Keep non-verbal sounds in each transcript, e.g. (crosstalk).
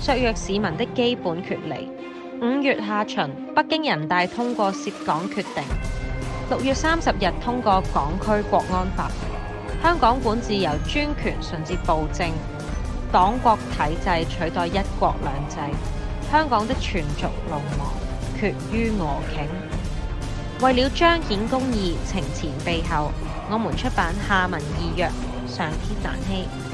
削弱市民的基本權利。五月下旬，北京人大通過涉港決定；六月三十日通過港區國安法。香港管治由專權順至暴政，黨國體制取代一國兩制。香港的全族龍亡，決於俄頃。為了彰顯公義，情前備後，我們出版下文異約，上天難欺。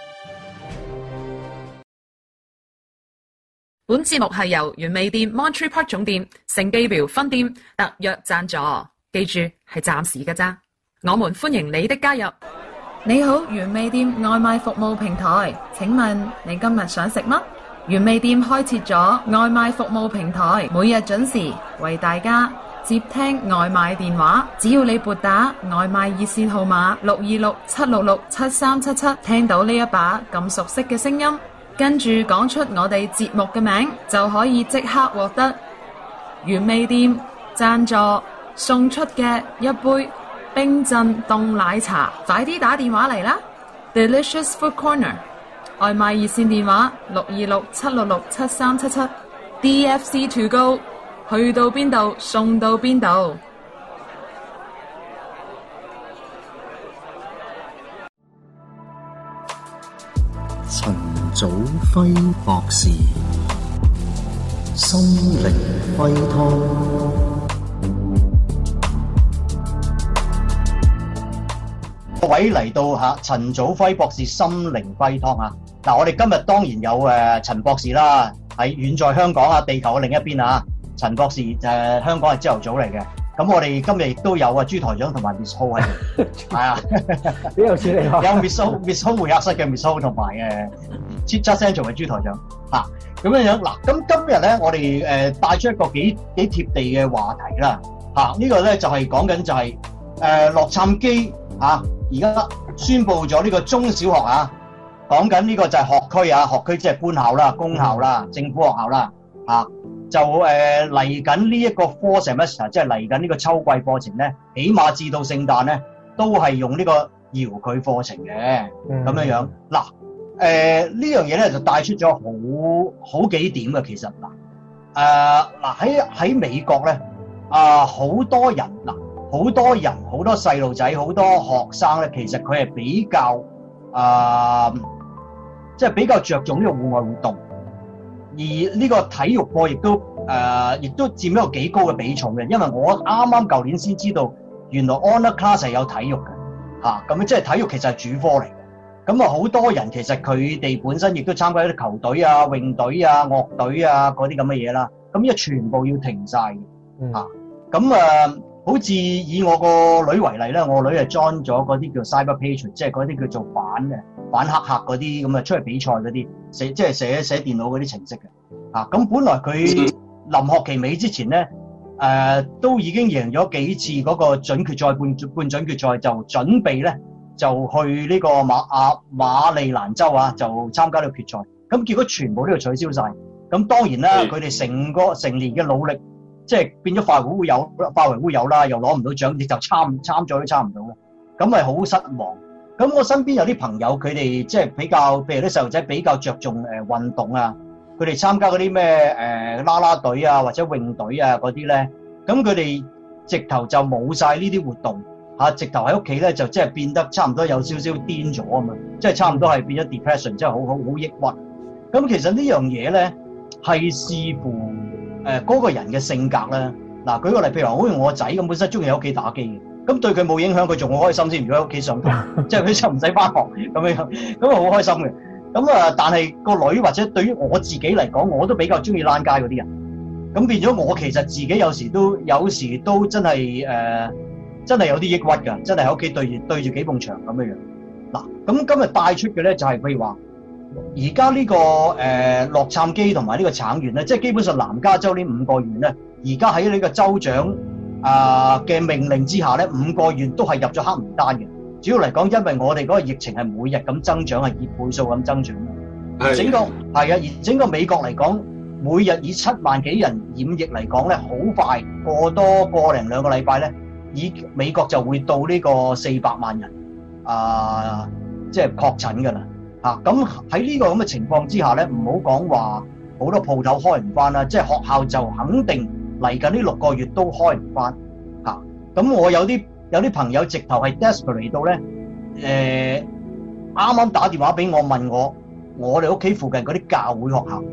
本節目係由原味店 Monterey Park 總店、聖蓋博分店特約贊助，記住係暫時嘅咋。我們歡迎你的加入。你好，原味店外賣服務平台，請問你今日想食乜？原味店開設咗外賣服務平台，每日準時為大家接聽外賣電話。只要你撥打外賣熱線號碼六二六七六六七三七七，7 7, 聽到呢一把咁熟悉嘅聲音。跟住講出我哋節目嘅名，就可以即刻獲得原味店贊助送出嘅一杯冰鎮凍奶茶。快啲打電話嚟啦！Delicious Food Corner 外賣熱線電話六二六七六六七三七七。7 7, D F C to go 去到邊度送到邊度？陳祖輝博士心靈雞湯，各位嚟到吓，陳祖輝博士心靈雞湯啊！嗱，我哋今日當然有誒陳、呃、博士啦，喺遠在香港啊，地球嘅另一邊啊，陳博士誒、呃，香港係朝頭早嚟嘅。咁我哋今日亦都有啊，朱台長同埋 Miss (laughs) Ho 喺度，係啊，邊有朱有 Miss Ho 回合室嘅 Miss Ho 同埋嘅，Chief Presenter 嘅朱台長，吓、啊、咁樣樣嗱。咁今日咧，我哋誒帶出一個幾 (noise) 幾貼地嘅話題啦，嚇呢個咧就係講緊就係誒洛杉磯啊。而、這、家、個呃啊、宣布咗呢個中小學啊，講緊呢個就係學區啊，學區即係官校啦、公校啦、嗯、哼政府學校啦，嚇、啊。啊就誒嚟緊呢一個 four semester，即係嚟緊呢個秋季課程咧，起碼至到聖誕咧，都係用呢個遙距課程嘅咁樣、嗯呃、樣。嗱誒呢樣嘢咧就帶出咗好好幾點嘅其實嗱誒嗱喺喺美國咧啊好多人嗱好多人好多細路仔好多學生咧，其實佢係比較啊即係比較着重呢個戶外活動。而呢個體育課亦都誒，亦、呃、都佔一個幾高嘅比重嘅，因為我啱啱舊年先知道，原來 online class 係有體育嘅嚇，咁即係體育其實係主科嚟嘅。咁啊，好多人其實佢哋本身亦都參加一啲球隊啊、泳隊啊、樂隊啊嗰啲咁嘅嘢啦，咁依家全部要停晒。嘅、嗯、嚇，咁、嗯、啊。好似以我個女為例咧，我個女係 join 咗嗰啲叫 Cyber Patriot 即係嗰啲叫做反嘅反黑客嗰啲咁啊，出嚟比賽嗰啲寫即係寫寫電腦嗰啲程式嘅嚇。咁、啊、本來佢臨學期尾之前咧，誒、呃、都已經贏咗幾次嗰個準決賽、半半準決賽，就準備咧就去呢個馬亞、啊、馬利蘭州啊，就參加呢個決賽。咁結果全部都要取消晒。咁當然啦，佢哋、嗯、成個成年嘅努力。即係變咗化為烏有，化為烏有啦！又攞唔到獎，你就參參咗都參唔到啦，咁咪好失望。咁我身邊有啲朋友，佢哋即係比較，譬如啲細路仔比較着重誒運動啊，佢哋參加嗰啲咩誒啦啦隊啊或者泳隊啊嗰啲咧，咁佢哋直頭就冇晒呢啲活動嚇，啊、直頭喺屋企咧就即係變得差唔多有少少癲咗啊嘛，即係差唔多係變咗 depression，即係好好好抑鬱。咁其實呢樣嘢咧係視乎。誒嗰、呃嗰個人嘅性格咧，嗱舉個例，譬如話，好似我仔咁，本身中意喺屋企打機嘅，咁對佢冇影響，佢仲好開心先。如果喺屋企上堂， (laughs) 即係佢就唔使返學咁樣，咁啊好開心嘅。咁啊，但係個女或者對於我自己嚟講，我都比較中意躝街嗰啲人。咁變咗我其實自己有時都，有時都真係誒、呃，真係有啲抑鬱㗎，真係喺屋企對住對住幾埲牆咁樣樣。嗱，咁今日帶出嘅咧就係、是、譬如話。而家呢個誒、呃、洛杉磯同埋呢個橙縣咧，即係基本上南加州呢五個縣咧，而家喺呢個州長啊嘅、呃、命令之下咧，五個縣都係入咗黑名單嘅。主要嚟講，因為我哋嗰個疫情係每日咁增長，係以倍數咁增長嘅。整個係啊，而整個美國嚟講，每日以七萬幾人染疫嚟講咧，好快過多個零兩個禮拜咧，以美國就會到呢個四百萬人啊，即係確診噶啦。就是嚇！咁喺呢個咁嘅情況之下咧，唔好講話好多鋪頭開唔返啦，即係學校就肯定嚟緊呢六個月都開唔返。嚇、啊！咁我有啲有啲朋友直頭係 desperate 到咧，誒啱啱打電話俾我問我，我哋屋企附近嗰啲教會學校，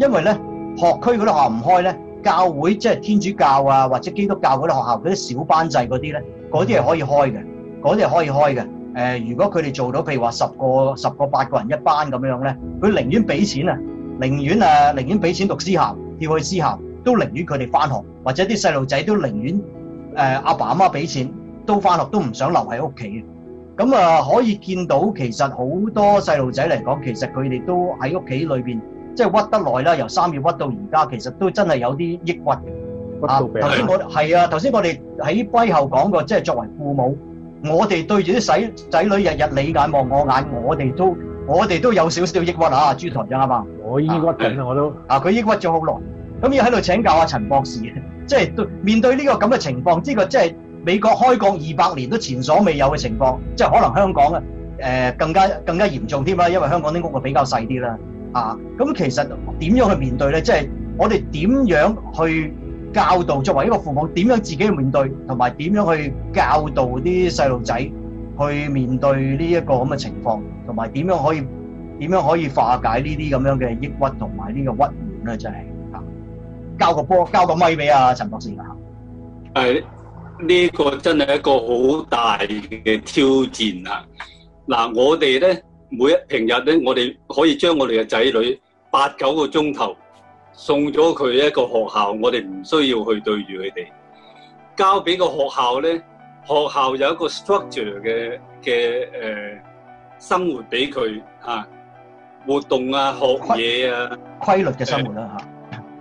因為咧學區嗰啲學校唔開咧，教會即係天主教啊或者基督教嗰啲學校嗰啲小班制嗰啲咧，嗰啲係可以開嘅，嗰啲係可以開嘅。誒，如果佢哋做到，譬如話十個十個八個人一班咁樣咧，佢寧願俾錢啊，寧願誒，寧願俾錢讀私校，跳去私校，都寧願佢哋返學，或者啲細路仔都寧願誒阿爸阿媽俾錢都返學，都唔想留喺屋企嘅。咁啊，可以見到其實好多細路仔嚟講，其實佢哋都喺屋企裏邊，即係屈得耐啦，由三月屈到而家，其實都真係有啲抑鬱啊。頭先我係啊，頭先我哋喺歸後講過，即係作為父母。我哋對住啲仔仔女日日你眼望我眼，我哋都我哋都有少少抑鬱啊！朱台長係嘛？我抑鬱緊啦，啊、我都啊，佢抑鬱咗好耐，咁要喺度請教阿陳博士，即係對面對呢個咁嘅情況，呢個即係美國開國二百年都前所未有嘅情況，即係可能香港嘅誒、呃、更加更加嚴重添啦，因為香港啲屋啊比較細啲啦，啊，咁其實點樣去面對咧？即係我哋點樣去？教導作為一個父母，點樣自己去面對，同埋點樣去教導啲細路仔去面對呢一個咁嘅情況，同埋點樣可以點樣可以化解呢啲咁樣嘅抑鬱同埋呢個屈辱咧？真係交個波，交個咪俾阿陳博士。誒，呢個真係一個好大嘅挑戰啊！嗱，我哋咧，每一平日咧，我哋可以將我哋嘅仔女八九個鐘頭。送咗佢一個學校，我哋唔需要去對住佢哋，交俾個學校咧。學校有一個 structure 嘅嘅誒生活俾佢吓，活動啊、學嘢啊、規律嘅生活啦，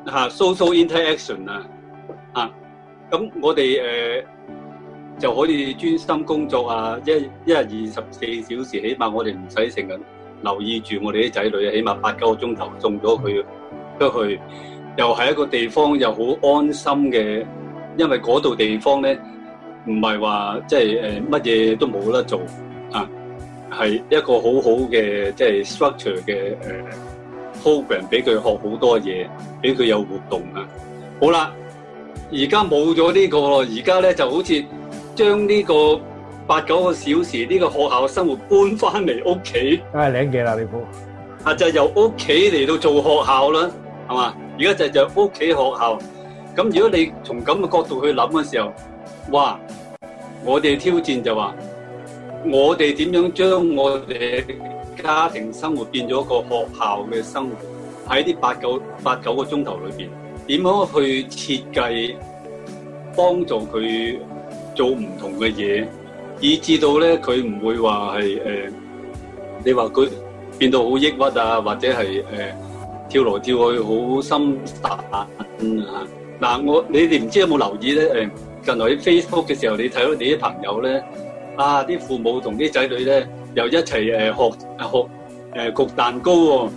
吓吓 social interaction 啊啊！咁我哋誒就可以專心工作啊，一一日二十四小時，起碼我哋唔使成日留意住我哋啲仔女啊，起碼八九個鐘頭送咗佢。出去又係一個地方，又好安心嘅，因為嗰度地方咧唔係話即係誒乜嘢都冇得做啊，係一個好好嘅即係 structure 嘅誒、呃、program 俾佢學好多嘢，俾佢有活動啊。好啦，而家冇咗呢個，而家咧就好似將呢個八九個小時呢個學校嘅生活搬翻嚟屋企，梗係靚嘅啦，你估啊，就由屋企嚟到做學校啦。係嘛？而家就就屋企、學校咁。如果你從咁嘅角度去諗嘅時候，哇！我哋挑戰就話，我哋點樣將我哋家庭生活變咗個學校嘅生活？喺啲八九八九個鐘頭裏邊，點樣去設計幫助佢做唔同嘅嘢，以至到咧佢唔會話係誒？你話佢變到好抑鬱啊，或者係誒？呃跳嚟跳去好心大，嗯吓嗱，我你哋唔知有冇留意咧？誒近來喺 Facebook 嘅時候，你睇到你啲朋友咧，啊啲父母同啲仔女咧，又一齊誒學學誒焗蛋糕喎、哦，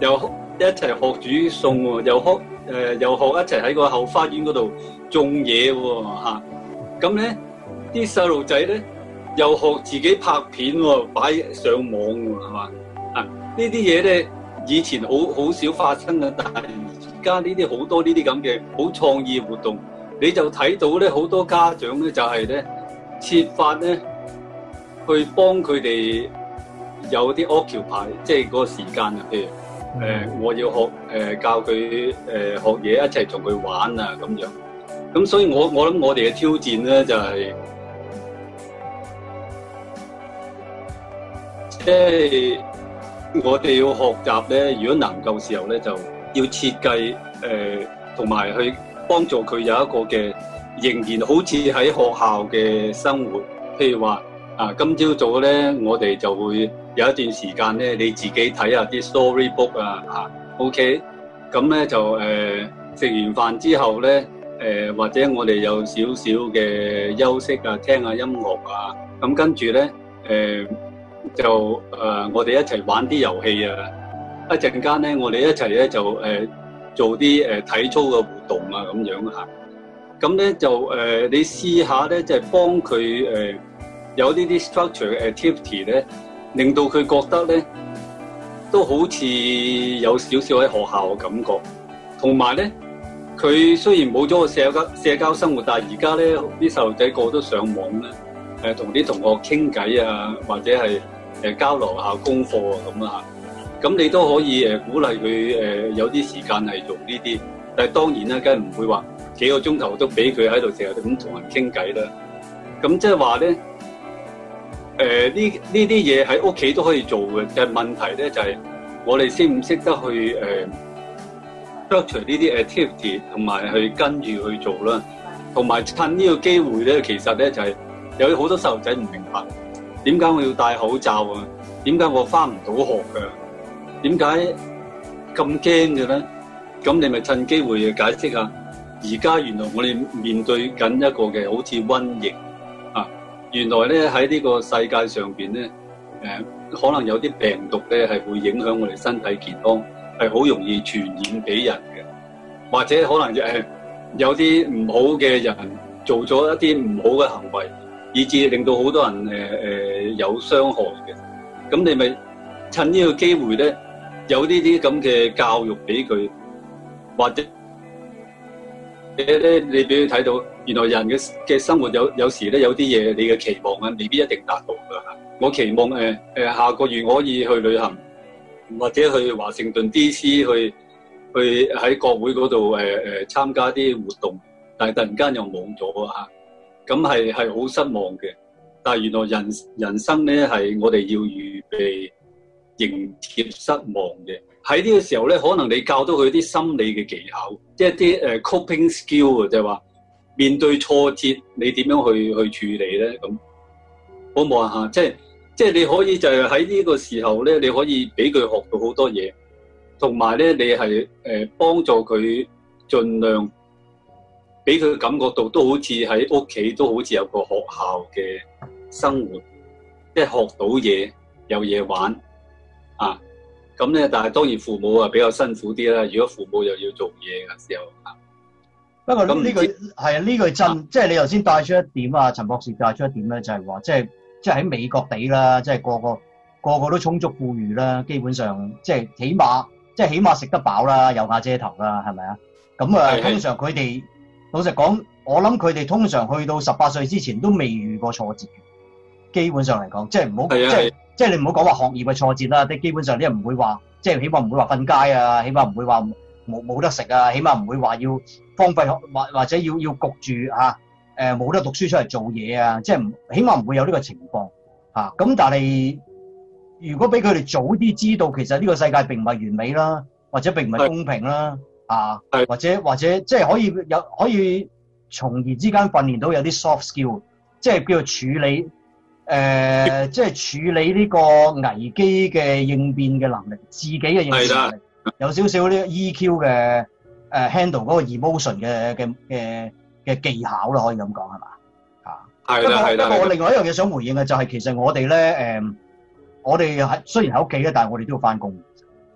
又一齊學煮餸喎、哦，又學誒、呃、又學一齊喺個後花園嗰度種嘢喎嚇，咁咧，啲細路仔咧，又學自己拍片喎、哦，擺上網喎、哦，係嘛啊呢啲嘢咧～以前好好少發生啊，但係而家呢啲好多呢啲咁嘅好創意活動，你就睇到咧，好多家長咧就係咧設法咧去幫佢哋有啲 occupy，即係嗰個時間啊，譬如誒我要學誒教佢誒學嘢，一齊同佢玩啊咁樣。咁所以我我諗我哋嘅挑戰咧就係即係。就是我哋要學習呢，如果能夠時候呢，就要設計誒，同、呃、埋去幫助佢有一個嘅仍然好似喺學校嘅生活。譬如話啊，今朝早呢，我哋就會有一段時間呢，你自己睇下啲 storybook 啊，嚇、啊、OK、嗯。咁呢就誒，食、呃、完飯之後呢，誒、呃、或者我哋有少少嘅休息啊，聽下音樂啊，咁、啊、跟住呢。誒、呃。就誒、呃、我哋一齊玩啲遊戲啊！一陣間咧，我哋一齊咧就誒、呃、做啲誒、呃、體操嘅活動啊，咁樣啊。咁咧、啊、就誒、呃、你試下咧，即係幫佢誒有呢啲 structure 嘅 activity 咧，令到佢覺得咧都好似有少少喺學校嘅感覺，同埋咧，佢雖然冇咗個社交社交生活，但係而家咧啲細路仔個個都上網咧，誒同啲同學傾偈啊，或者係。誒交流下功課啊，咁啊嚇，咁你都可以誒鼓勵佢誒、呃、有啲時間係做呢啲，但係當然啦，梗係唔會話幾個鐘頭都俾佢喺度成日咁同人傾偈啦。咁即係話咧，誒呢呢啲嘢喺屋企都可以做嘅，就係問題咧就係我哋識唔識得去誒 exclude 呢啲 activity 同埋去跟住去做啦，同埋趁呢個機會咧，其實咧就係有好多細路仔唔明白。點解我要戴口罩啊？點解我返唔到學㗎？點解咁驚嘅咧？咁你咪趁機會解釋啊。而家原來我哋面對緊一個嘅好似瘟疫啊！原來咧喺呢個世界上邊咧，誒、呃、可能有啲病毒咧係會影響我哋身體健康，係好容易傳染俾人嘅，或者可能誒、呃、有啲唔好嘅人做咗一啲唔好嘅行為，以至令到好多人誒誒，呃呃有傷害嘅，咁你咪趁呢個機會咧，有呢啲咁嘅教育俾佢，或者有一你俾佢睇到，原來人嘅嘅生活有有時咧有啲嘢你嘅期望啊，未必一定達到噶。我期望誒誒、呃、下個月我可以去旅行，或者去華盛頓 DC 去去喺國會嗰度誒誒參加啲活動，但係突然間又冇咗啊！咁係係好失望嘅。但係原來人人生咧係我哋要預備迎接失望嘅，喺呢個時候咧，可能你教到佢啲心理嘅技巧，即係啲誒 coping skill 啊，就係話面對挫折你點樣去去處理咧，咁好冇啊，即係即係你可以就係喺呢個時候咧，你可以俾佢學到好多嘢，同埋咧你係誒幫助佢盡量俾佢感覺到都好似喺屋企都好似有個學校嘅。生活即係學到嘢，有嘢玩啊！咁咧，但係當然父母啊比較辛苦啲啦。如果父母又要做嘢嘅時候，不過呢個係啊，呢個真、啊、即係你頭先帶出一點啊，陳博士帶出一點咧，就係、是、話即係即係喺美國地啦，即係個個個個都充足富裕啦，基本上即係起碼即係起碼食得飽啦，有瓦遮頭啦，係咪啊？咁啊，是是通常佢哋是是 老實講，我諗佢哋通常去到十八歲之前都未遇過挫折。基本上嚟講，即係唔好即係即係你唔好講話學業嘅挫折啦。即係基本上啲唔會話，即係起碼唔會話瞓街啊，起碼唔會話冇冇得食啊，起碼唔會話要荒廢學，或或者要要焗住啊，誒、呃、冇得讀書出嚟做嘢啊。即係唔起碼唔會有呢個情況嚇。咁、啊、但係如果俾佢哋早啲知道，其實呢個世界並唔係完美啦，或者並唔係公平啦的啊，或者的或者即係可以有可以從而之間訓練到有啲 soft skill，即係叫做處理。誒、呃，即係處理呢個危機嘅應變嘅能力，自己嘅應變能力的有少少呢 EQ 嘅誒 handle 嗰個 emotion 嘅嘅嘅嘅技巧啦，可以咁講係嘛吓？係啦係，不過我另外一樣嘢想回應嘅就係，其實我哋咧誒，我哋係雖然喺屋企咧，但係我哋都要翻工，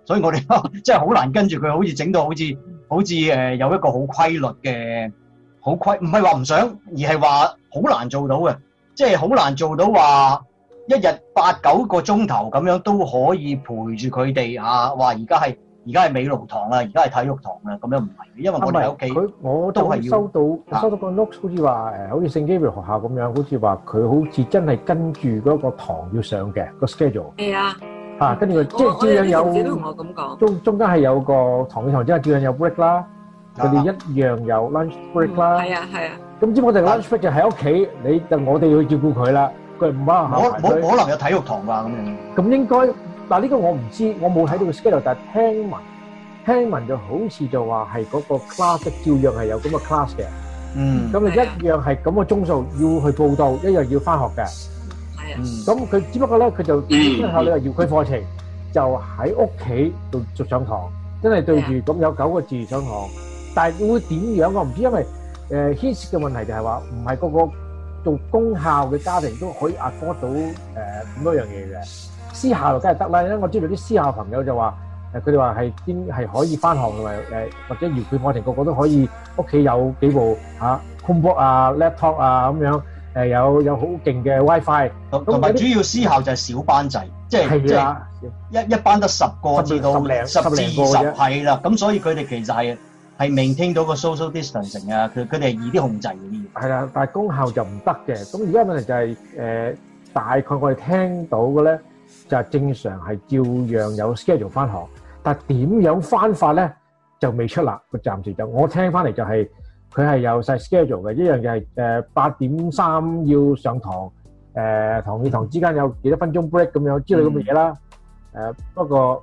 所以我哋即係好難跟住佢，好似整到好似好似誒有一個好規律嘅好規，唔係話唔想，而係話好難做到嘅。即係好難做到話一日八九個鐘頭咁樣都可以陪住佢哋嚇。話而家係而家係美勞堂啦，而家係體育堂啦，咁樣唔係嘅，因為我哋喺屋企。佢我都係收到，收到個 notes，好似話誒，好似聖基維學校咁樣，好似話佢好似真係跟住嗰個堂要上嘅個 schedule。係啊，嚇，跟住佢即係朝早有中中間係有個堂嘅堂，即係朝早有 break 啦，佢哋一樣有 lunch break 啦。係啊，係啊。咁知我哋 lunch break 就喺屋企，你就我哋要照顧佢啦。佢唔可能下壇堆。冇冇可能有體育堂啩？咁樣咁應該嗱，呢個我唔知，我冇睇到個 schedule，但係聽聞聽聞就好似就話係嗰個 class 照樣係有咁嘅 class 嘅。嗯。咁就一樣係咁嘅鐘數要去報到，一樣要返學嘅。係啊。咁佢只不過咧，佢就之後你要佢課程就喺屋企度上堂，真係對住咁有九個字上堂，但係會點樣我唔知，因為。誒 h e a 嘅問題就係話，唔係個個做功效嘅家庭都可以壓波到誒咁多樣嘢嘅。私校就梗係得啦，因為我知道啲私校朋友就話，誒佢哋話係邊係可以返學同埋誒，或者完全我哋個個都可以屋企有幾部嚇 computer 啊、laptop 啊咁樣，誒有有好勁嘅 WiFi。同埋主要私校就係小班制，即係即係一的一,一班得十個至到十至二十，至十，係啦、啊。咁的所以佢哋其實係。係未聽到個 social distancing 啊，佢佢哋係易啲控制嘅。係啦，但係功效就唔得嘅。咁而家問題就係、是、誒、呃，大概我哋聽到嘅咧，就係、是、正常係照樣有 schedule 翻學，但係點樣翻法咧就未出啦。個暫時就我聽翻嚟就係佢係有晒 schedule 嘅，一樣就係誒八點三要上堂，誒堂與堂之間有幾多分鐘 break 咁樣，之類咁嘅嘢啦。誒、啊、不過。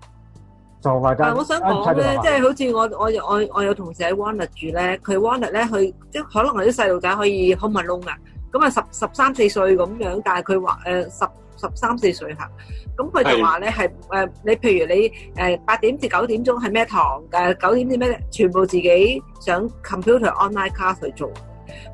就我想講咧，即係好似我我我我有同事喺 w o n d e r 住咧，佢 w o n d e r 咧，佢即係可能有啲細路仔可以 home alone 咁啊，十十三四歲咁樣，但係佢話誒十十三四歲嚇、啊，咁佢就話咧，係誒你譬如你誒八，呃、點至九點鐘係咩堂，誒九點至咩全部自己想 computer online class 去做。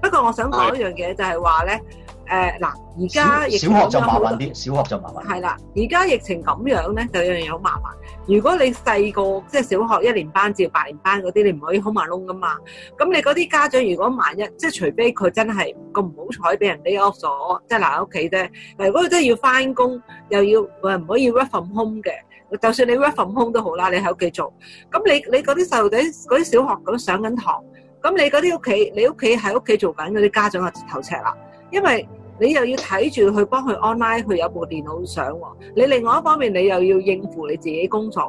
不過我想講一樣嘢，就係話咧。誒嗱，而家、呃、小學就麻煩啲，小學就麻煩。係啦，而家疫情咁樣咧，就有樣嘢好麻煩。如果你細個即係小學一年班至八年班嗰啲，你唔可以好埋窿噶嘛。咁你嗰啲家長如果萬一即係除非佢真係個唔好彩俾人哋 lay off 咗，即係留喺屋企啫。嗱如果佢真係要翻工，又要唔可以 work from home 嘅，就算你 work from home 都好啦，你喺屋企做。咁你你嗰啲細路仔嗰啲小學咁上緊堂，咁你嗰啲屋企你屋企喺屋企做緊嗰啲家長啊，跌頭赤啦～因為你又要睇住佢幫佢 online，佢有部電腦上喎。你另外一方面，你又要應付你自己工作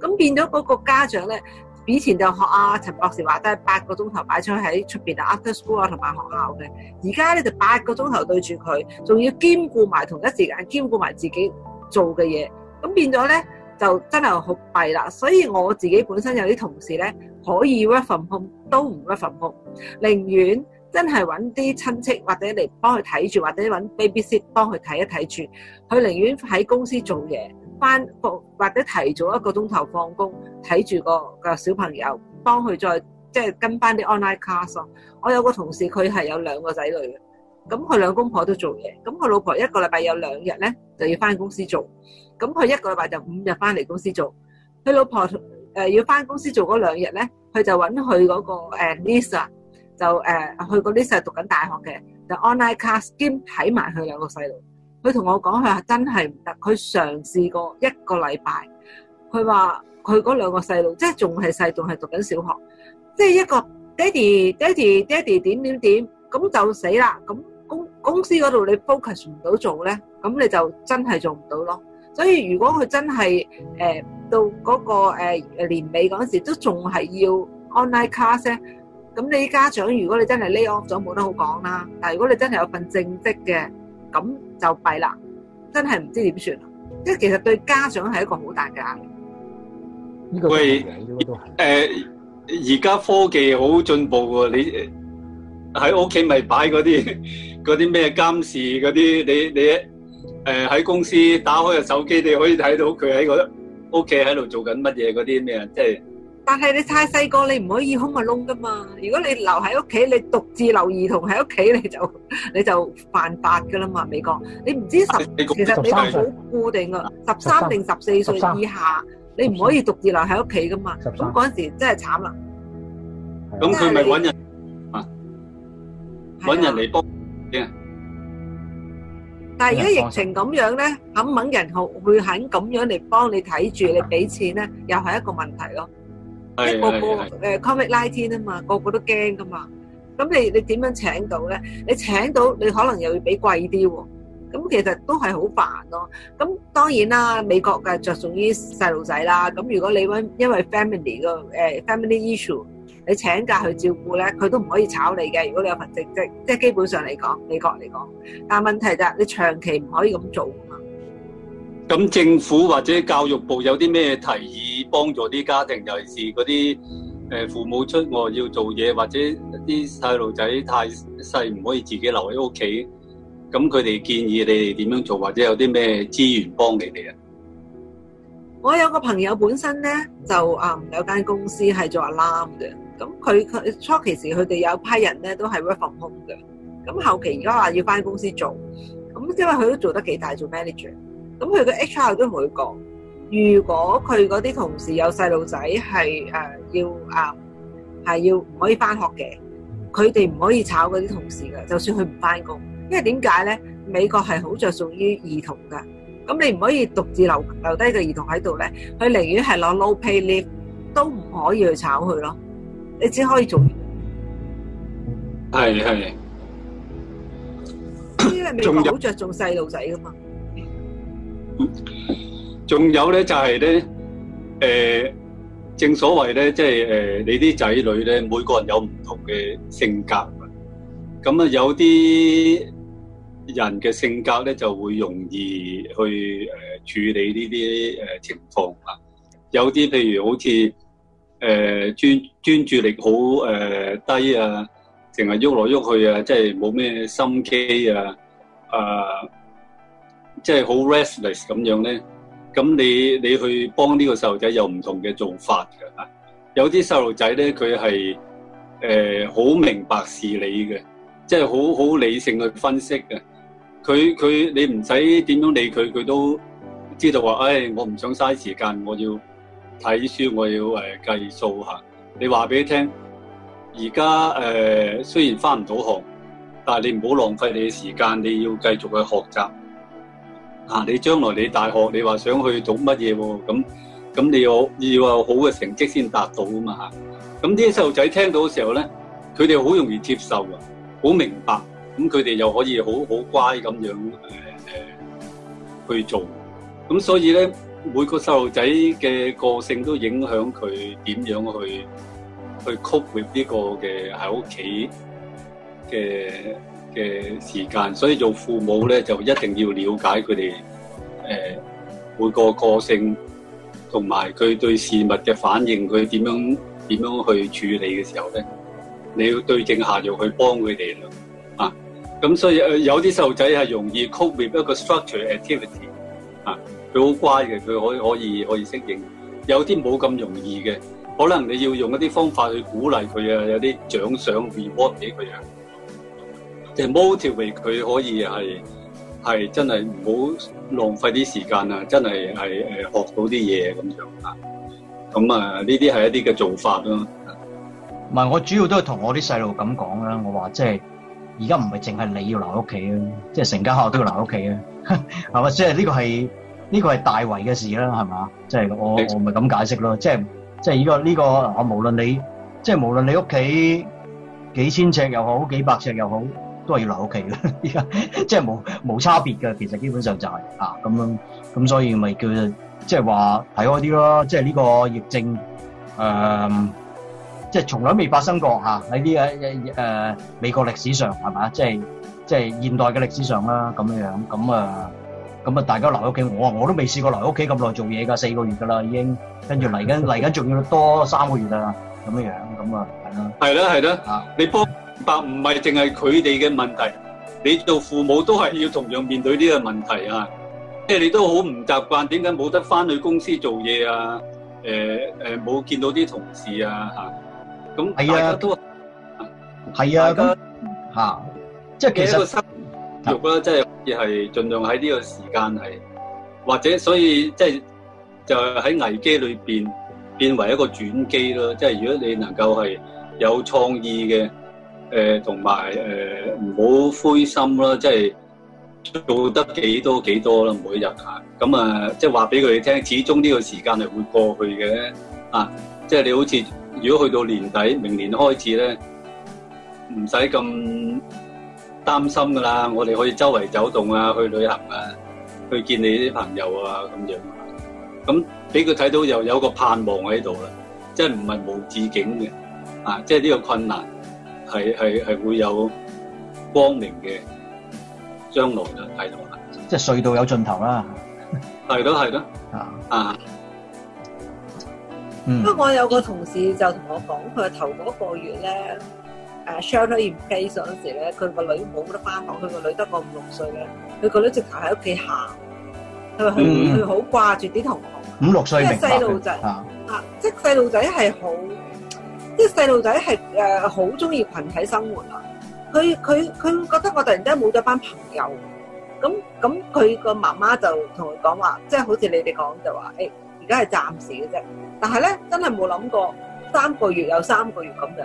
喎。咁變咗嗰個家長咧，以前就學阿陳博士話都係八個鐘頭擺出喺出邊啊 after school 啊同埋學校嘅。而家咧就八個鐘頭對住佢，仲要兼顧埋同一時間兼顧埋自己做嘅嘢。咁變咗咧，就真係好弊啦。所以我自己本身有啲同事咧，可以 work from home，都唔 work from home，寧願。真係揾啲親戚或者嚟幫佢睇住，或者揾 baby sit 幫佢睇一睇住。佢寧願喺公司做嘢，翻放或者提早一個鐘頭放工，睇住個個小朋友，幫佢再即係跟翻啲 online class。我有個同事，佢係有兩個仔女嘅，咁佢兩公婆都做嘢，咁佢老婆一個禮拜有兩日咧就要翻公司做，咁佢一個禮拜就五日翻嚟公司做。佢老婆誒、呃、要翻公司做嗰兩日咧，佢就揾佢嗰個、uh, Lisa。就誒，佢嗰啲細讀緊大學嘅，就 online class 兼睇埋佢兩個細路。佢同我講，佢話真係唔得。佢嘗試過一個禮拜，佢話佢嗰兩個細路，即係仲係細，仲係讀緊小學，即係一個爹哋爹哋爹哋點點點，咁就死啦。咁公公司嗰度你 focus 唔到做咧，咁你就真係做唔到咯。所以如果佢真係誒到嗰個誒年尾嗰時，都仲係要 online class 咧。咁你啲家長，如果你真係 lay off 咗，就冇得好講啦。但係如果你真係有份正職嘅，咁就弊啦，真係唔知點算啦。即係其實對家長係一個好大嘅壓力。喂，誒，而家科技好進步喎，你喺屋企咪擺嗰啲嗰啲咩監視嗰啲，你你誒喺公司打開個手機，你可以睇到佢喺個屋企喺度做緊乜嘢嗰啲咩，即係。但係你太細個，你唔可以空咪窿噶嘛。如果你留喺屋企，你獨自留兒童喺屋企，你就你就犯法噶啦嘛。美國你唔知十，其實你話好固定噶十三定十四歲以下，你唔可以獨自留喺屋企噶嘛。咁嗰陣時真係慘啦。咁佢咪搵人啊？搵人嚟幫先啊！但係而家疫情咁樣咧，肯搵人去會肯咁樣嚟幫你睇住，你俾錢咧，又係一個問題咯。即係個 (music) 個 Covid 19啊嘛，個個都驚㗎嘛。咁你你點樣請到咧？你請到你可能又要俾貴啲喎。咁其實都係好煩咯。咁當然啦，美國嘅着重於細路仔啦。咁如果你因為 Family 嘅、uh, 誒 Family issue，你請假去照顧咧，佢都唔可以炒你嘅。如果你有份正職，即係基本上嚟講，美國嚟講，但係問題就係你長期唔可以咁做。咁政府或者教育部有啲咩提議幫助啲家庭，尤其是嗰啲誒父母出外要做嘢，或者啲細路仔太細唔可以自己留喺屋企。咁佢哋建議你哋點樣做，或者有啲咩資源幫你哋啊？我有個朋友本身咧就嗯有間公司係做阿 Sam 嘅，咁佢佢初期時佢哋有一批人咧都係 work from home 嘅，咁後期而家話要翻公司做，咁因為佢都做得幾大做 manager。咁佢個 HR 都同佢講，如果佢嗰啲同事有細路仔係誒要啊，係要唔可以返學嘅，佢哋唔可以炒嗰啲同事噶，就算佢唔返工，因為點解咧？美國係好著重於兒童噶，咁你唔可以獨自留留低個兒童喺度咧，佢寧願係攞 no pay leave 都唔可以去炒佢咯，你只可以做。係係。因為美國好著重細路仔噶嘛。仲有咧、就是，就係咧，誒，正所謂咧、就是，即係誒，你啲仔女咧，每個人有唔同嘅性格，咁啊，有啲人嘅性格咧，就會容易去誒、呃、處理呢啲誒情況啊，有啲譬如好似誒專專注力好誒、呃、低啊，成日喐來喐去啊，即係冇咩心機啊，啊、呃。即係好 restless 咁樣咧，咁你你去幫呢個細路仔有唔同嘅做法嘅吓。有啲細路仔咧，佢係誒好明白事理嘅，即係好好理性去分析嘅。佢佢你唔使點樣理佢，佢都知道話，誒、哎，我唔想嘥時間，我要睇書，我要誒計數吓。你話俾佢聽，而家誒雖然返唔到學，但係你唔好浪費你嘅時間，你要繼續去學習。啊！你將來你大學你話想去做乜嘢喎？咁咁你好要有好嘅成績先達到啊嘛嚇！咁啲細路仔聽到嘅時候咧，佢哋好容易接受啊，好明白。咁佢哋又可以好好乖咁樣誒誒、呃、去做。咁所以咧，每個細路仔嘅個性都影響佢點樣去去 cope with 呢個嘅喺屋企嘅。嘅時間，所以做父母咧就一定要了解佢哋誒每個個性，同埋佢對事物嘅反應，佢點樣點樣去處理嘅時候咧，你要對症下藥去幫佢哋咯。啊，咁所以有啲細路仔係容易 copy 一個 structure activity，啊，佢好乖嘅，佢可可以可以，可以適應；有啲冇咁容易嘅，可能你要用一啲方法去鼓勵佢啊，有啲獎賞 reward 俾佢樣。即係 motivate，佢可以係係真係唔好浪費啲時間啊！真係係誒學到啲嘢咁樣啊！咁啊，呢啲係一啲嘅做法咯。唔係，我主要都係同我啲細路咁講啦。我話即係而家唔係淨係你要留屋企啊，即係成間學校都要留屋企啊，係 (laughs) 嘛？即係呢個係呢個係大圍嘅事啦，係嘛？即係我 Exactly. 我咪咁解釋咯。即係即係呢個呢個，我無論你即係無論你屋企幾千尺又好，幾百尺又好。都係要留喺屋企嘅，而家即係冇冇差別嘅。其實基本上就係啊咁樣，咁所以咪叫即係話睇開啲咯。即係呢個疫症，誒、呃，即係從來未發生過嚇喺呢個誒美國歷史上係咪，即係即係現代嘅歷史上啦咁樣樣。咁啊咁啊，大家留喺屋企，我我都未試過留喺屋企咁耐做嘢㗎，四個月㗎啦已經，跟住嚟緊嚟緊仲要多三個月啦咁樣樣，咁啊係咯，係咯係咯，你幫。但唔係淨係佢哋嘅問題，你做父母都係要同樣面對呢個問題啊！即係你都好唔習慣，點解冇得翻去公司做嘢、呃呃、啊？誒、嗯、誒，冇見到啲同事啊嚇！咁大家都係啊，嗯、大家、啊、即係其實個心理啦，即係亦係盡量喺呢個時間係，或者所以即係就喺、是、危機裏邊變為一個轉機咯。即、就、係、是、如果你能夠係有創意嘅。誒同埋誒唔好灰心啦，即係做得幾多幾多啦，每日啊，咁啊，即係話俾佢哋聽，始終呢個時間係會過去嘅啊！即係你好似如果去到年底，明年開始咧，唔使咁擔心㗎啦，我哋可以周圍走動啊，去旅行啊，去見你啲朋友啊，咁樣，咁俾佢睇到又有，有一個盼望喺度啦，即係唔係無止境嘅啊！即係呢個困難。係係係會有光明嘅將來嘅睇到啦，即係隧道有盡頭啦，係咯係咯啊啊，不過、嗯、我有個同事就同我講，佢頭嗰個月咧，誒、啊、，shelter in place 嗰時咧，佢個女冇得翻學，佢個女得個五六歲咧，佢個女直頭喺屋企行，佢話佢佢好掛住啲同學，五六歲嘅細路仔啊，即係細路仔係好。嗯即係細路仔係誒，好中意群體生活啊！佢佢佢覺得我突然間冇咗班朋友，咁咁佢個媽媽就同佢講話，即係好似你哋講就話誒，哎，而家係暫時嘅啫。但係咧，真係冇諗過三個月有三個月咁樣，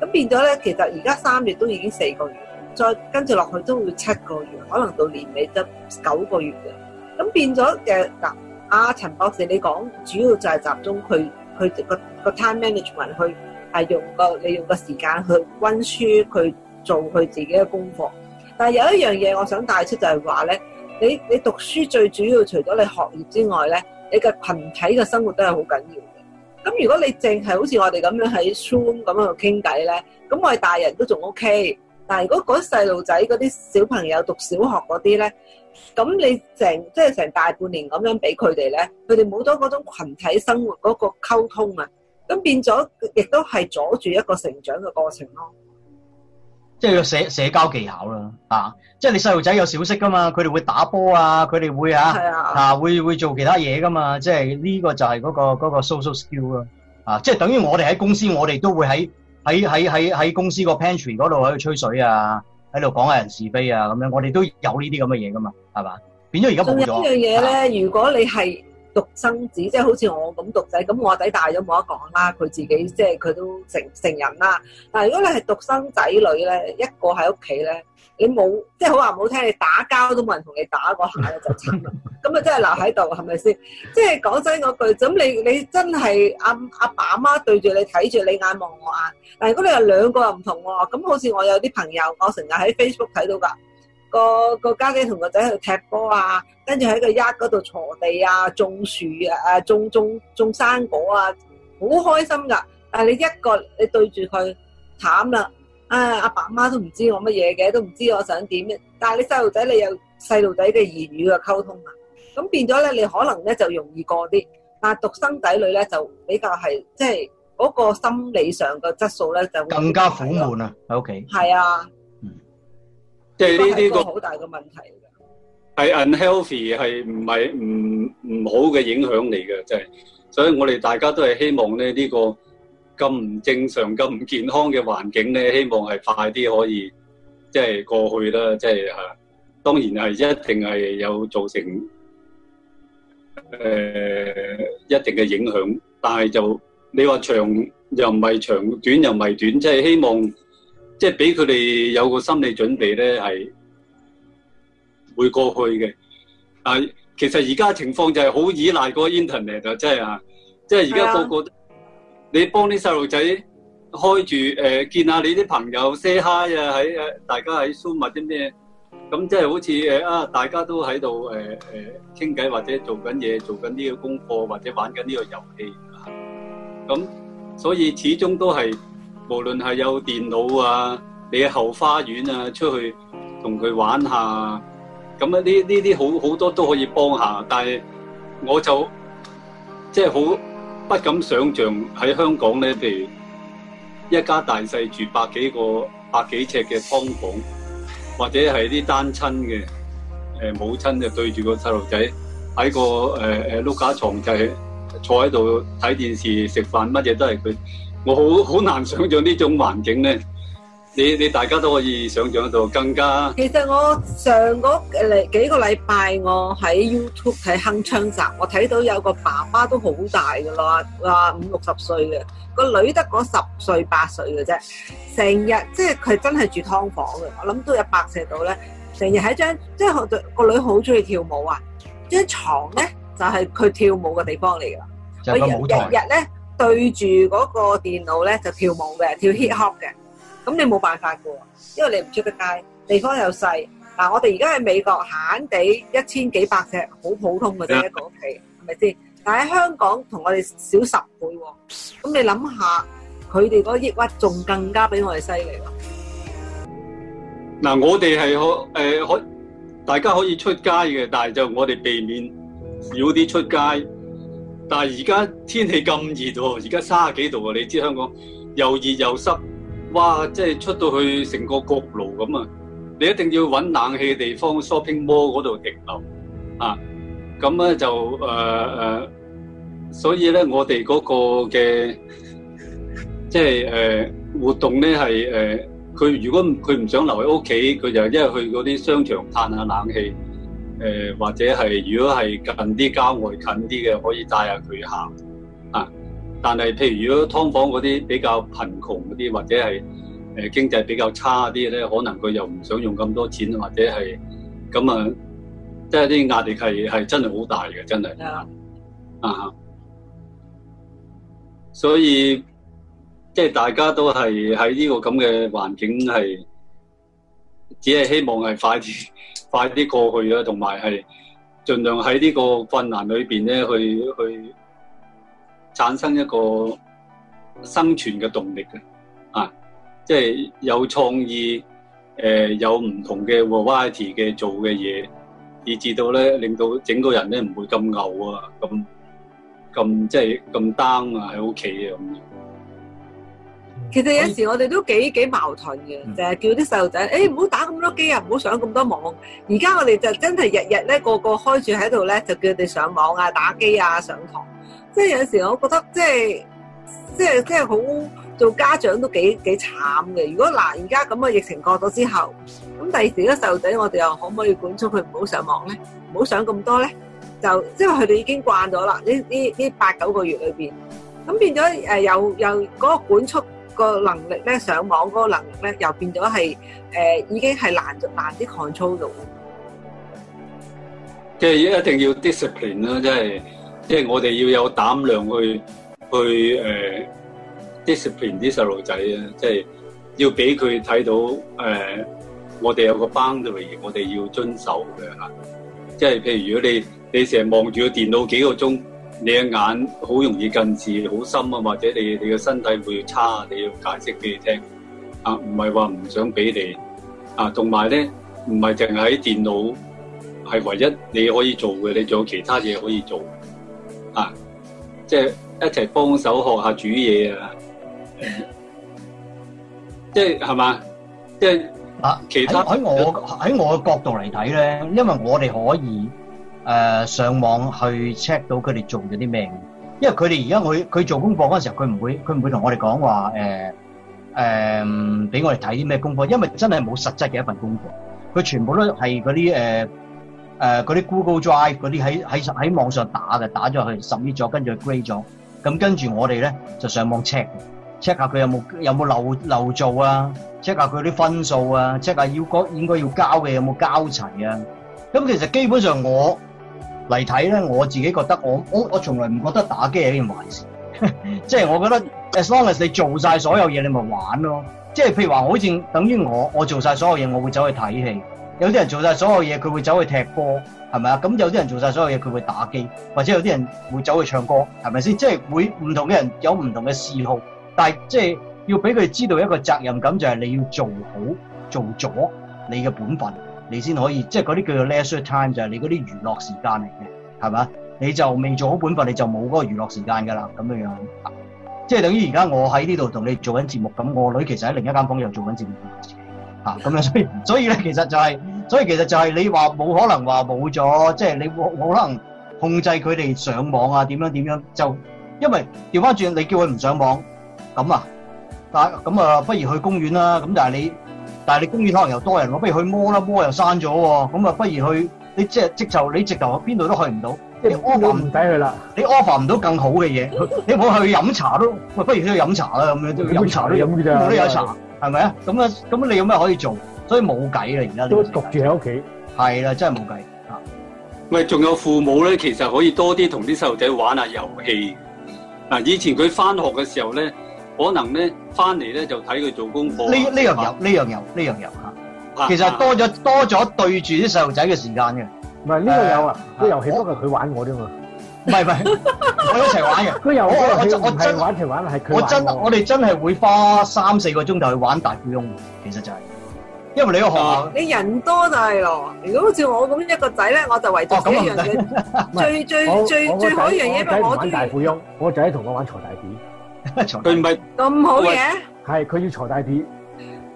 咁變咗咧，其實而家三月都已經四個月，再跟住落去都會七個月，可能到年尾得九個月嘅。咁變咗嘅嗱啊，陳博士你講主要就係集中佢佢個個 time management 去。係用個你用個時間去温書，去做佢自己嘅功課。但係有一樣嘢，我想帶出就係話咧，你你讀書最主要除咗你學業之外咧，你嘅群體嘅生活都係好緊要嘅。咁如果你淨係好似我哋咁樣喺 Zoom 咁樣傾偈咧，咁我哋大人都仲 OK。但係如果嗰啲細路仔、嗰啲小朋友讀小學嗰啲咧，咁你成即係成大半年咁樣俾佢哋咧，佢哋冇咗嗰種羣體生活嗰個溝通啊！咁變咗，亦都係阻住一個成長嘅過程咯。即係個社社交技巧啦，啊！即係你細路仔有小息噶嘛，佢哋會打波啊，佢哋會啊，吓、啊啊、會會做其他嘢噶嘛。即係呢個就係嗰、嗰個、嗰個 social skill 咯。啊，即係等於我哋喺公司，我哋都會喺喺喺喺喺公司個 pantry 嗰度喺度吹水啊，喺度講下人是非啊咁樣。我哋都有呢啲咁嘅嘢噶嘛，係嘛？變咗而家冇咗。仲有呢樣嘢咧，吧如果你係。獨生子即係好似我咁獨仔，咁我仔大咗冇得講啦。佢自己即係佢都成成人啦。但係如果你係獨生仔女咧，一個喺屋企咧，你冇即係好話唔好聽，你打交都冇人同你打過下咧，就慘。咁啊真係留喺度係咪先？即係講真嗰句，咁你你真係阿阿爸阿媽對住你睇住你眼望我眼。但如果你係兩個又唔同喎，咁好似我有啲朋友，我成日喺 Facebook 睇到㗎。個個家姐同個仔去踢波啊，跟住喺個一嗰度鋤地啊，種樹啊，種種種生果啊，好開心噶。但係你一個你對住佢，慘啦，啊阿爸媽都唔知我乜嘢嘅，都唔知我想點。但係你細路仔，你有細路仔嘅言語嘅溝通啊，咁變咗咧，你可能咧就容易過啲。但係獨生仔女咧就比較係即係嗰個心理上嘅質素咧就更加苦悶啊，喺屋企係啊。Okay. 即係呢啲個好大嘅問題，係 unhealthy，係唔係唔唔好嘅影響嚟嘅，即係，所以我哋大家都係希望咧，呢個咁唔正常、咁唔健康嘅環境咧，希望係快啲可以即係過去啦，即係吓，當然係一定係有造成誒一定嘅影響，但係就你話長又唔係，長短又唔係短，即係希望。即係俾佢哋有個心理準備咧，係會過去嘅。啊，其實而家情況就係好依賴個 internet，就真係啊，即係而家個個 Yeah. 你幫啲細路仔開住誒、呃，見下你啲朋友 say hi 啊，喺誒，大家喺 Zoom 埋啲咩？咁即係好似誒啊，大家都喺度誒誒傾偈，或者做緊嘢，做緊呢個功課，或者玩緊呢個遊戲。咁所以始終都係。無論係有電腦啊，你喺後花園啊，出去同佢玩下，咁啊呢呢啲好好多都可以幫下，但係我就即係好不敢想象，喺香港咧，譬如一家大細住百幾個百幾尺嘅劏房，或者係啲單親嘅誒母親就對住個細路仔，喺個誒誒碌架床就係坐喺度睇電視食飯，乜嘢都係佢。我好好難想象，呢種環境咧，你你大家都可以想象到更加。其實我上嗰嚟幾個禮拜，我喺 YouTube 睇鏗鏘集，我睇到有個爸爸都好大噶啦，話五六十歲嘅，個女得嗰十歲八歲嘅啫，成日即係佢真係住劏房嘅，我諗都有百尺度咧，成日喺張即係個女好中意跳舞啊，張床咧就係佢跳舞嘅地方嚟噶，就我日日咧。對住嗰個電腦咧就跳舞嘅，跳 hip hop 嘅，咁你冇辦法噶因為你唔出得街，地方又細。嗱，我哋而家喺美國慳慳地一千幾百尺，好普通嘅啫，一個屋企係咪先？但喺香港同我哋少十倍，咁你諗下，佢哋嗰個抑鬱仲更加比我哋犀利咯。嗱，我哋係可誒可，大家可以出街嘅，但係就我哋避免少啲出街。但係而家天氣咁熱喎，而家三十幾度喎，你知香港又熱又濕，哇！即係出到去成個焗爐咁啊！你一定要揾冷氣地方，Shopping Mall 嗰度停留啊！咁咧就誒誒、呃，所以咧我哋嗰個嘅即係誒、呃、活動咧係誒，佢、呃、如果佢唔想留喺屋企，佢就一去嗰啲商場嘆下冷氣。誒、呃，或者係如果係近啲郊外近啲嘅，可以帶下佢行啊。但係譬如如果劏房嗰啲比較貧窮嗰啲，或者係誒、呃、經濟比較差啲咧，可能佢又唔想用咁多錢，或者係咁啊，即係啲壓力係係真係好大嘅，真係 Yeah. 啊，所以即係大家都係喺呢個咁嘅環境係，只係希望係快啲。快啲過去啊，同埋係盡量喺呢個困難裏邊咧，去去產生一個生存嘅動力嘅，啊，即係有創意，誒、呃、有唔同嘅 variety 嘅做嘅嘢，以至到咧令到整個人咧唔會咁牛啊，咁咁即係咁 down 啊，喺屋企啊咁。其實有時我哋都幾幾矛盾嘅，嗯、就係叫啲細路仔，誒，唔好打咁多機啊，唔好、嗯、上咁多網。而家我哋就真係日日咧個個開住喺度咧，就叫佢哋上網啊、打機啊、上堂。即係有時我覺得即係即係即係好做家長都幾幾慘嘅。如果嗱而家咁嘅疫情過咗之後，咁第二時個細路仔我哋又可唔可以管束佢唔好上網咧？唔好上咁多咧？就即係佢哋已經慣咗啦。呢呢呢八九個月裏邊，咁變咗誒又又嗰個管束。個能力咧，上網嗰個能力咧，又變咗係誒，已經係難難啲 control 到。其實而家一定要 discipline 啦，即係即係我哋要有膽量去去誒 discipline 啲細路仔啊，即係要俾佢睇到誒，呃，我哋有個 boundary，我哋要遵守嘅啦。即係譬如如果你你成日望住個電腦幾個鐘。你嘅眼好容易近視，好深啊，或者你你嘅身體會差，你要解釋俾你聽。啊，唔係話唔想俾你。啊，同埋咧，唔係淨係喺電腦係唯一你可以做嘅，你仲有其他嘢可以做。啊，即係一齊幫手學下煮嘢啊！即係係嘛？即係啊！其他喺我喺我嘅角度嚟睇咧，因為我哋可以。誒上網去 check 到佢哋做咗啲咩，因為佢哋而家佢佢做功課嗰陣時候，佢唔會佢唔會同我哋講話誒誒，俾我哋睇啲咩功課，因為真係冇實質嘅一份功課，佢全部都係嗰啲誒誒嗰啲 Google Drive 嗰啲喺喺喺網上打嘅，打咗去 submit 咗，跟住佢 grade 咗，咁跟住我哋咧就上網 check check 下佢有冇有冇漏漏做啊，check 下佢啲分數啊，check 下要該應該要交嘅有冇交齊啊，咁其實基本上我。嚟睇咧，我自己覺得我我我從來唔覺得打機係一件壞事， (laughs) 即係我覺得 as long as 你做晒所有嘢，你咪玩咯。即係譬如話，好似等於我，我做晒所有嘢，我會走去睇戲。有啲人做晒所有嘢，佢會走去踢波，係咪啊？咁有啲人做晒所有嘢，佢會打機，或者有啲人會走去唱歌，係咪先？即係會唔同嘅人有唔同嘅嗜好，但係即係要俾佢知道一個責任感，就係你要做好做咗你嘅本分。你先可以，即係嗰啲叫做 leisure time 就係你嗰啲娛樂時間嚟嘅，係嘛？你就未做好本分，你就冇嗰個娛樂時間㗎啦，咁樣樣，即係等於而家我喺呢度同你做緊節目，咁我女其實喺另一間房又做緊節目，嚇咁啊！所以所以咧，其實就係、是，所以其實就係你話冇可能話冇咗，即係你冇可能控制佢哋上網啊？點樣點樣？就因為掉返轉，你叫佢唔上網，咁啊，咁啊，不如去公園啦。咁但係你。但係你公園可能又多人，我不如去摸啦，摸又閂咗喎，咁啊不如去，你即係直頭，你直頭邊度都去唔到，即係 offer 唔抵去啦，你 offer 唔到更好嘅嘢， (laughs) 你冇去飲茶都，不如去飲茶啦，咁樣都飲茶，有茶都飲㗎咋，冇得飲茶，係咪啊？咁啊，咁你有咩可以做？所以冇計啦，而家都焗住喺屋企，係啦，真係冇計啊！喂，仲有父母咧，其實可以多啲同啲細路仔玩下遊戲。嗱，以前佢翻學嘅時候咧。可能咧，翻嚟咧就睇佢做功課。呢呢樣遊，呢樣遊，呢樣遊嚇。其實多咗多咗對住啲細路仔嘅時間嘅。唔係呢個有啊，個遊戲不過佢玩我啫嘛。唔係唔係，我一齊玩嘅。佢又好多，唔係玩一齊玩，係佢玩我。我真，我哋真係會花三四個鐘頭去玩大富翁。其實就係，因為你個學校，你人多就係咯。如果好似我咁一個仔咧，我就圍咗一樣嘅。最最最最好一樣嘢，我仔同我玩大富翁，我仔同我玩鋤大 D。佢唔係咁好嘅，係佢 (laughs) 要鋤大啲。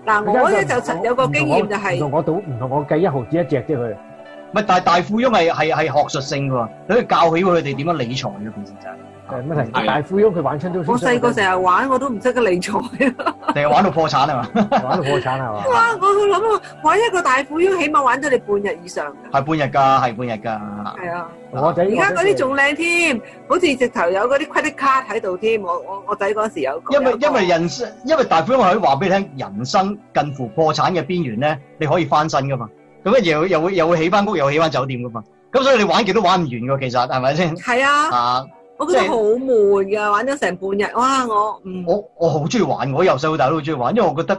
嗱，我咧就曾有個經驗就係、是、唔同我賭，唔同我計一毫子一隻啫。佢，唔係，但係大富翁係係係學術性嘅喎，你教起佢哋點樣理財嘅變成就。 (laughs) (laughs) 誒乜題？大富翁佢玩親都，我細個成日玩我都唔識得理財啊！成日玩到破產啊嘛，玩到破產係嘛！哇！我諗啊，玩一個大富翁，起碼玩咗你半日以上。係半日㗎，係半日㗎。係啊，我仔而家嗰啲仲靚添，好似直頭有嗰啲 credit card 喺度添。我我我仔嗰時有。因為因為人生，因為大富翁可以話俾你聽，人生近乎破產嘅邊緣咧，你可以翻身㗎嘛。咁樣，又會又會又會起翻屋，又起翻酒店㗎嘛。咁所以你玩幾多都玩唔完㗎，其實係咪先？係啊。啊！我覺得好悶㗎，玩咗成半日，哇！我唔我我好中意玩，我由細到大都好中意玩，因為我覺得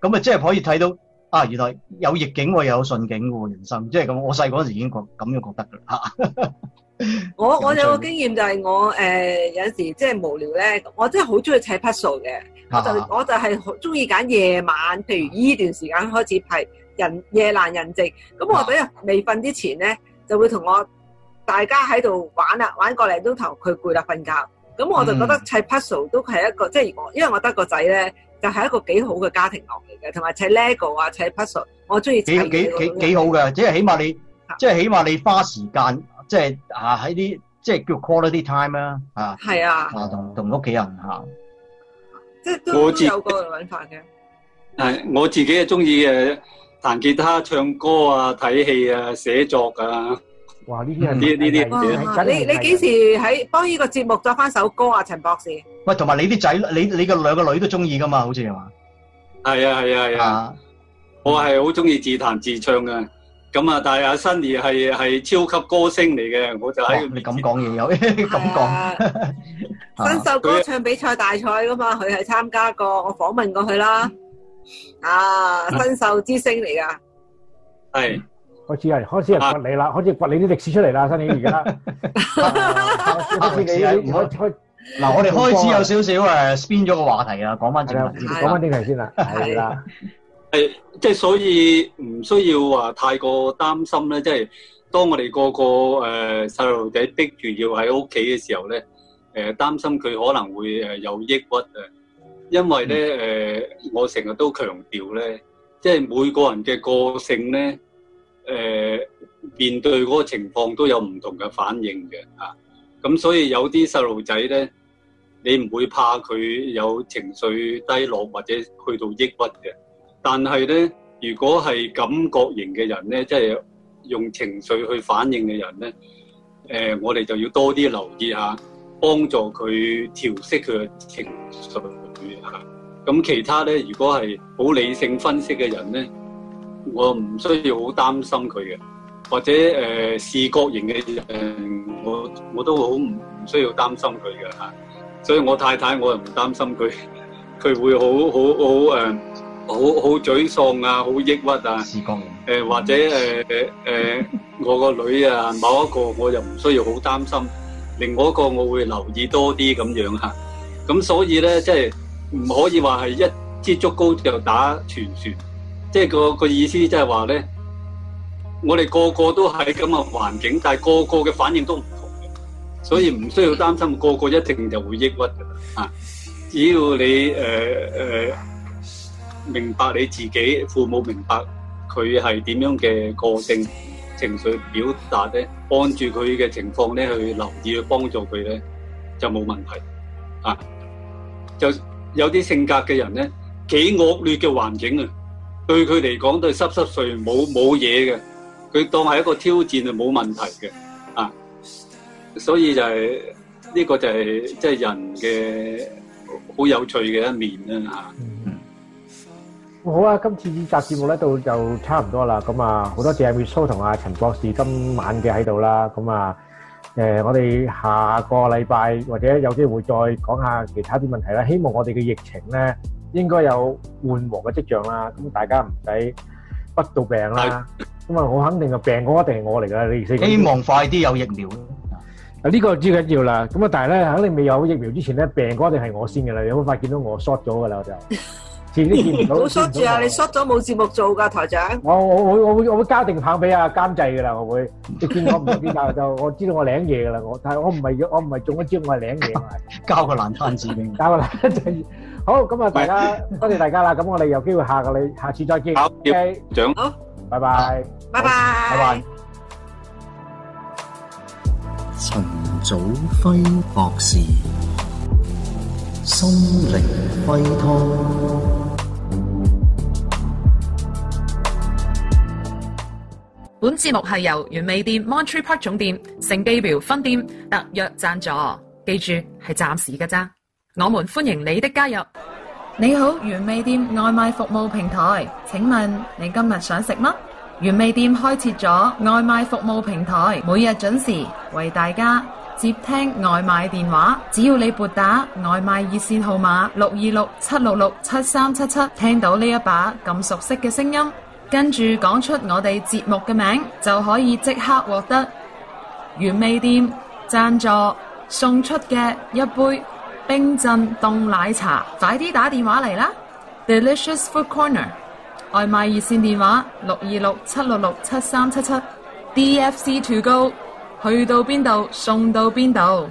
咁啊，即係可以睇到啊，原來有逆境我又有順境嘅喎，人生即係咁。我細嗰陣時已經覺咁樣覺得嘅啦嚇。我我有個經驗就係、是、我誒、呃、有時即係無聊咧，我真係好中意砌 puzzle 嘅，我就是啊、我就係好中意揀夜晚，譬如呢段時間開始係人夜難人靜，咁我喺未瞓之前咧就會同我大家喺度玩啊，玩個零鐘頭，佢攰啦，瞓覺。咁我就覺得砌 puzzle 都係一個，即係我因為我得個仔咧，就係一個幾好嘅家庭樂嚟嘅，同埋砌 lego 啊，砌 puzzle，我中意砌 lego 幾幾幾幾好嘅，即係起碼你， (laughs) 即係起碼你花時間，即係啊喺啲即係叫 quality time 啦，啊。係啊。同同屋企人嚇。即係自都有個揾法嘅。係，我自己啊中意誒彈吉他、唱歌啊、睇戲啊、寫作啊。哇！呢啲係呢呢啲你你幾時喺幫呢個節目作翻首歌啊？陳博士。喂，同埋你啲仔，你你個兩個女都中意噶嘛？好似係嘛？係啊係啊係啊！我係好中意自彈自唱噶。咁啊，但係阿 Sunny 係係超級歌星嚟嘅，我就喺你咁講嘢有咁感新秀歌唱比賽大賽噶嘛，佢係參加過，我訪問過佢啦。嗯、啊，新秀之星嚟噶。係的。開始，開始，開始 (laughs) 啊！開始啊！掘你啦！開始掘你啲歷史出嚟啦，新年而家。嗱，我哋開始有少少誒，偏咗個話題啊，講翻轉，講翻啲題先啦。係啦，係、 (laughs) 哎、即係所以唔需要話太過擔心咧。即、就、係、是、當我哋個個誒細路仔逼住要喺屋企嘅時候咧，誒、呃、擔心佢可能會誒有抑鬱誒，因為咧誒、呃、我成日都強調咧，即係每個人嘅個、個性咧。誒、呃、面對嗰個情況都有唔同嘅反應嘅嚇，咁、啊嗯、所以有啲細路仔咧，你唔會怕佢有情緒低落或者去到抑鬱嘅。但係咧，如果係感覺型嘅人咧，即係用情緒去反應嘅人咧，誒、呃、我哋就要多啲留意下，幫助佢調適佢嘅情緒嚇。咁、啊嗯、其他咧，如果係好理性分析嘅人咧。我唔需要好擔心佢嘅，或者誒視覺型嘅人，我我都好唔唔需要擔心佢嘅嚇。所以我太太我又唔擔心佢，佢會好好好誒好好沮喪啊，好抑鬱啊。視覺型誒或者誒誒我個女啊，某一個我又唔需要好擔心，另外一個我會留意多啲咁樣嚇。咁所以咧，即係唔可以話係一支竹篙就打全船。即係個個意思，即係話咧，我哋個個都喺咁嘅環境，但係個個嘅反應都唔同嘅，所以唔需要擔心個個一定就會抑鬱嘅。啊，只要你誒誒、呃呃、明白你自己，父母明白佢係點樣嘅個性情緒表達咧，幫住佢嘅情況咧，去留意去幫助佢咧，就冇問題。啊，就有啲性格嘅人咧，幾惡劣嘅環境啊！對佢嚟講，對濕濕碎冇冇嘢嘅，佢當係一個挑戰啊，冇問題嘅啊，所以就係呢個就係即係人嘅好有趣嘅一面啦，吓。嗯，好啊，今次呢集節目咧，到呢度就差唔多啦。咁啊，好多謝阿 Miss Ho 同阿陳博士今晚嘅喺度啦。咁啊，誒，我哋下個禮拜或者有機會再講下其他啲問題啦。希望我哋嘅疫情咧，應該有緩和嘅跡象啦，咁大家唔使逼到病啦。咁啊，我肯定啊，病嗰一定係我嚟噶啦，你希望快啲有疫苗咧。啊，呢個最緊要啦。咁啊，但係咧，肯定未有疫苗之前咧，病嗰一定係我先噶啦。你好快見到我 short 咗噶啦，我就是。 (laughs) 好 short 住啊！你 short 咗冇節目做噶台長。我我我我會我會加定棒俾阿監製噶啦，我會。你見我唔同邊架就我知道我領嘢噶啦，我。但係我唔係要我唔係中咗招，我係領嘢。交個爛攤子俾。交個爛攤子。好，咁啊，大家多謝大家啦。咁我哋有機會下個你下次再見。O K。長。好，拜拜。拜拜。拜拜。陳祖輝博士，心靈雞湯。本節目係由原味店 Monterey Park 總店、聖蓋博分店特約贊助，記住係暫時嘅咋。我們歡迎你的加入。你好，原味店外賣服務平台，請問你今日想食乜？原味店開設咗外賣服務平台，每日準時為大家接聽外賣電話。只要你撥打外賣熱線號碼六二六七六六七三七七，7 7，聽到呢一把咁熟悉嘅聲音。跟住講出我哋節目嘅名，就可以即刻獲得原味店贊助送出嘅一杯冰鎮凍奶茶。快啲打電話嚟啦！Delicious Food Corner 外賣熱線電話六二六七六六七三七七。DFC to go，去到邊度送到邊度。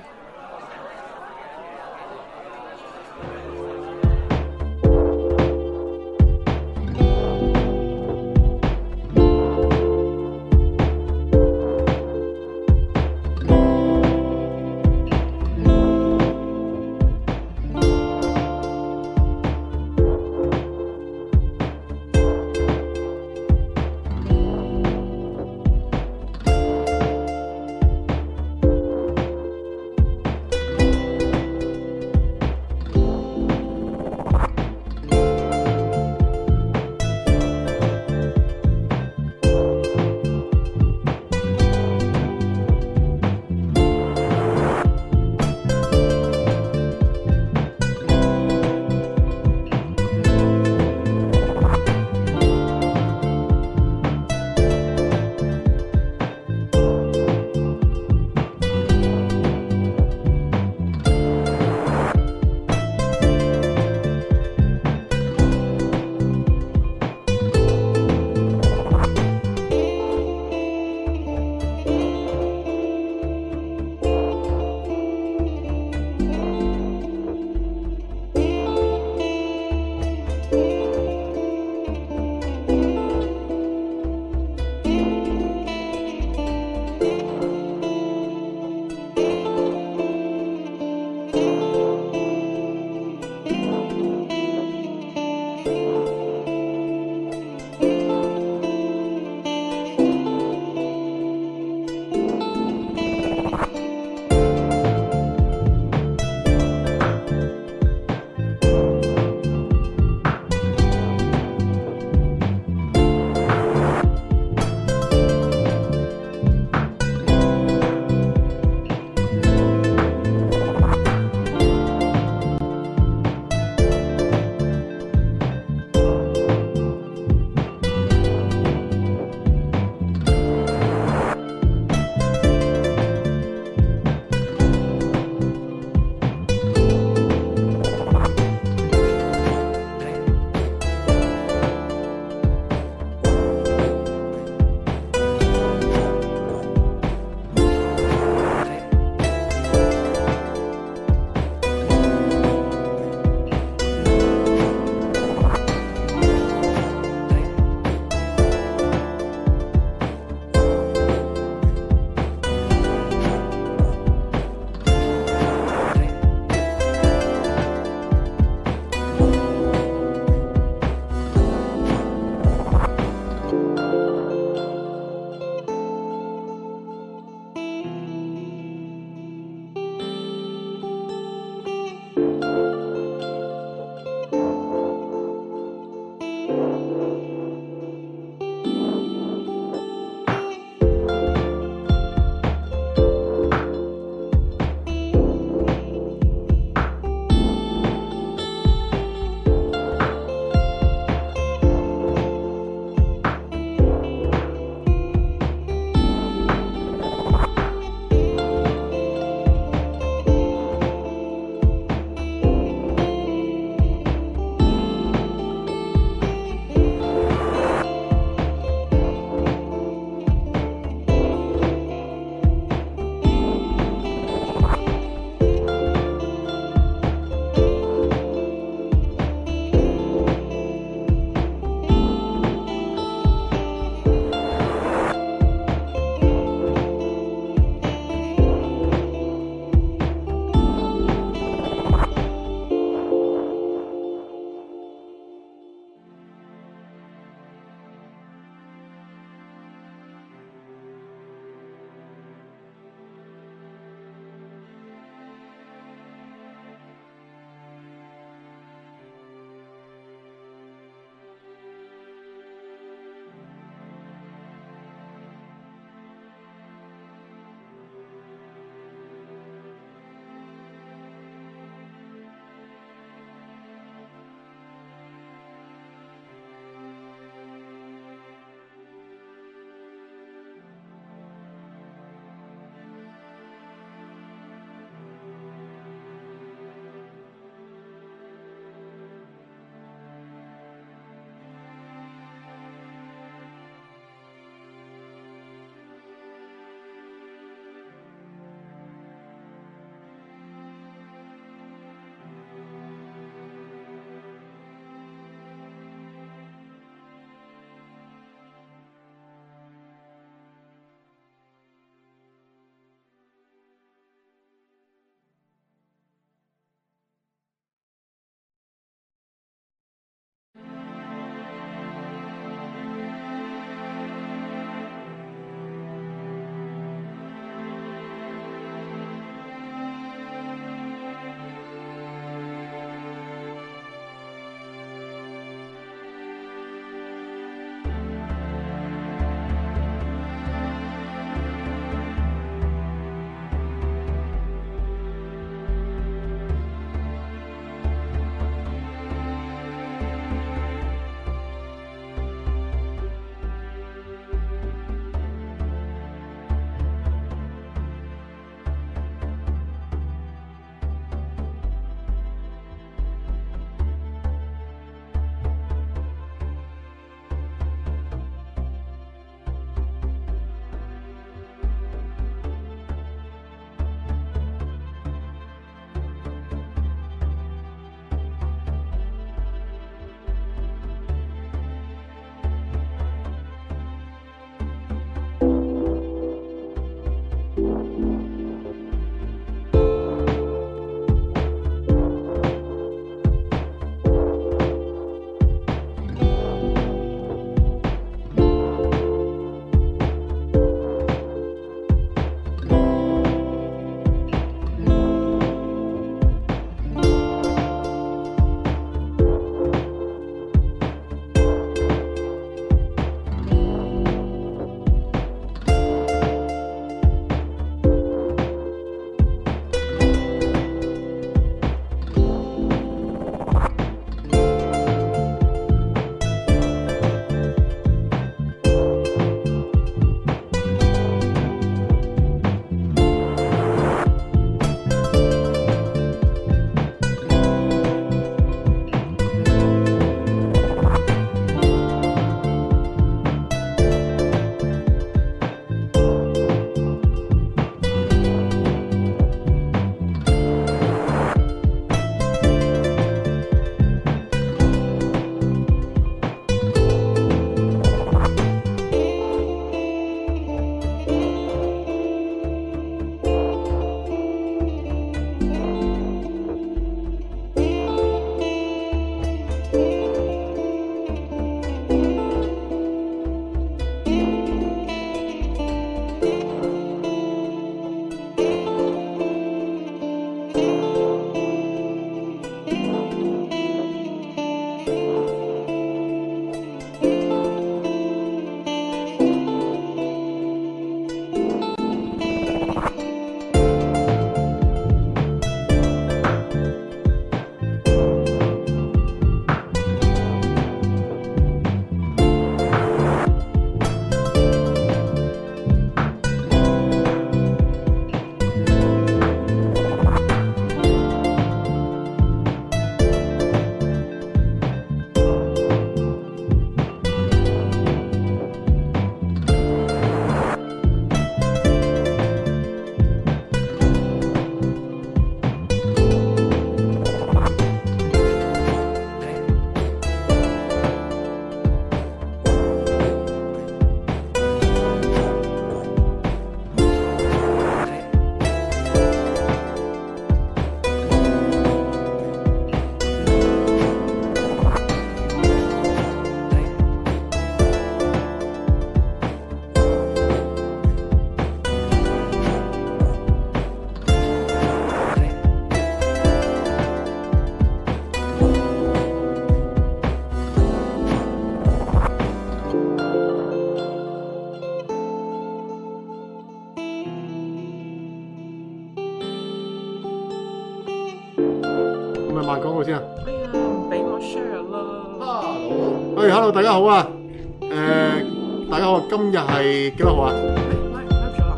誒，幾多號啊？誒，來來唔少啦，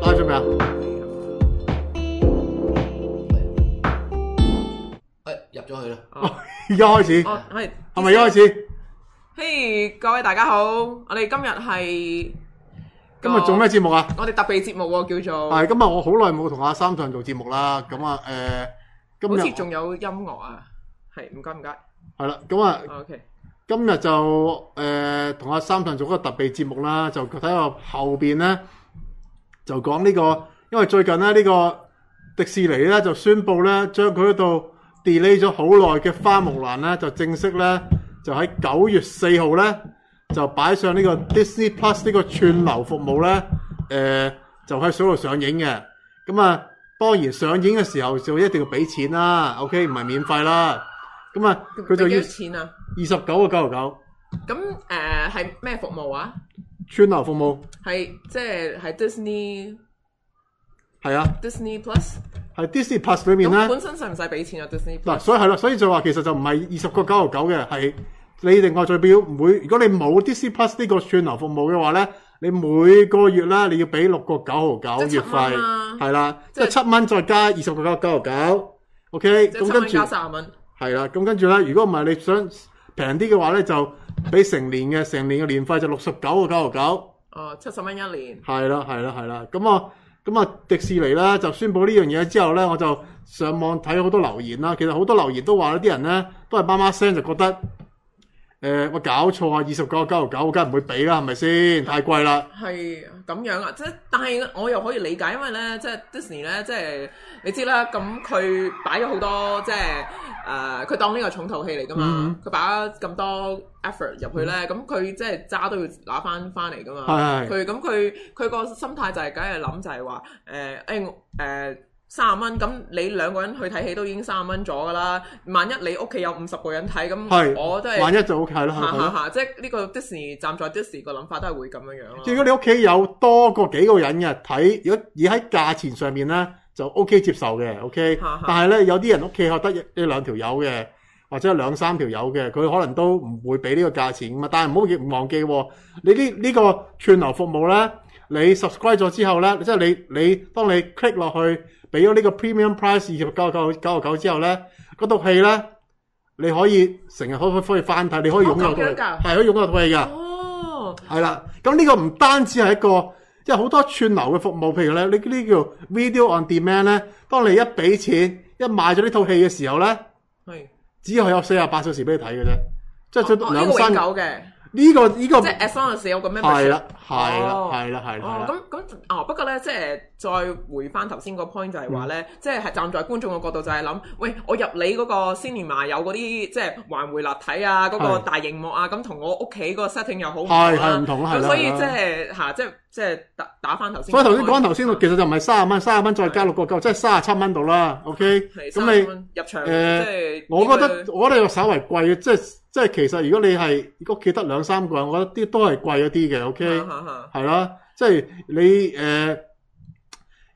來咗未啊？誒，入咗去啦，而家開始係咪？一開始，嘿，各位大家好，我哋今日係今日做咩節目啊？我哋特備節目叫做係今日我好耐冇同阿三上做節目啦，咁啊誒，今日好似仲有音樂啊？係唔該唔該，係啦，咁啊。OK 今日就誒同阿三神做一個特別節目啦，就睇下後邊咧就講呢、呢個，因為最近咧呢、呢個迪士尼咧就宣布咧將佢度 delay 咗好耐嘅花木蘭咧就正式咧就喺九月四號咧就擺上呢個 Disney Plus 呢個串流服務咧誒、呃、就喺水上上映嘅，咁啊當然上映嘅時候就一定要俾錢啦，OK 唔係免費啦。咁啊，佢就要錢啊，二十九個九十九。咁、呃、誒，係咩服務啊？串流服務係即係喺 Dis、啊、Disney，係啊，Disney Plus 係 Disney Plus 裏面咧。本身使唔使俾錢啊？Disney Plus 嗱、啊，所以係啦，所以就話其實就唔係二十個九十九嘅，係你另外再表每如果你冇 Disney Plus 呢個串流服務嘅話咧，你每個月咧你要俾六個九十九月費，係啦、啊，了即係七蚊再加二十個九九十九，OK，咁跟住。係啦，咁跟住咧，如果唔係你想平啲嘅話咧，就俾成年嘅成年嘅年費就六十九個九十九。哦，七十蚊一年。係啦，係啦，係啦，咁、嗯、啊，咁、嗯、啊，迪士尼咧就宣布呢樣嘢之後咧，我就上網睇好多留言啦。其實好多留言都話咧，啲人咧都係媽媽聲就覺得。誒，欸、搞錯99，我搞錯啊！二十個九毫九，梗係唔會俾啦，係咪先？太貴啦！係咁樣啊，即係，但係我又可以理解，因為咧，即係 Disney 咧，即係你知啦，咁佢擺咗好多，即係誒，佢、呃、當呢個重頭戲嚟噶嘛，佢擺咗咁多 effort 入去咧，咁佢、嗯、即係渣都要攞翻翻嚟噶嘛，佢咁佢佢個心態就係梗係諗就係話誒，誒、呃、誒。欸呃三十蚊，咁你兩個人去睇戲都已經三十蚊咗噶啦。萬一你屋企有五十個人睇，咁我都係萬一就 O K 啦。嚇嚇嚇！即係呢個 Disney，暫時 Disney 站在 Disney 個諗法都係會咁樣樣咯。如果你屋企有多過幾個人嘅睇，如果而喺價錢上面咧，就 O K 接受嘅。O、okay? K， (laughs) 但係咧，有啲人屋企可能得一兩條友嘅，或者兩三條友嘅，佢可能都唔會俾呢個價錢咁啊。但係唔好忘記，你呢呢、呢個串流服務咧。你 subscribe 咗之後咧，即係你你當你 click 落去，俾咗呢個 premium price 二十九九九之後咧，嗰套戲咧，你可以成日可可以翻睇，你可以擁有佢，係、哦、可以擁有套戲噶。哦，係啦，咁呢個唔單止係一個，即係好多串流嘅服務，譬如咧，呢呢叫 video on demand 咧，當你一俾錢一買咗呢套戲嘅時候咧，係的，只係有四十八小時俾你睇嘅啫，即係最多兩三九嘅。呢、這個呢、這個即係 as long as 有個咩？係啦，係啦，係啦，係啦。咁咁啊，不過咧，即係再回翻頭先個 point 就係話咧，嗯、即係係站在觀眾嘅角度就係諗，喂，我入你嗰個 cinema 有嗰啲，即係環回立體啊，嗰、那個大熒幕啊，咁的、啊、同我屋企嗰個 setting 又好唔同啦。咁所以即係吓即係。的即係打打翻頭先，所以頭先講頭先，其實就唔係卅蚊，卅蚊，嗯、再加六個九是，即係卅七蚊度啦。OK，咁你入場，誒、呃，即是我覺得些我哋又稍為貴，即係即係其實如果你係屋企得兩三個人，我覺得啲都係貴一啲嘅。OK，係啦，即係你誒。呃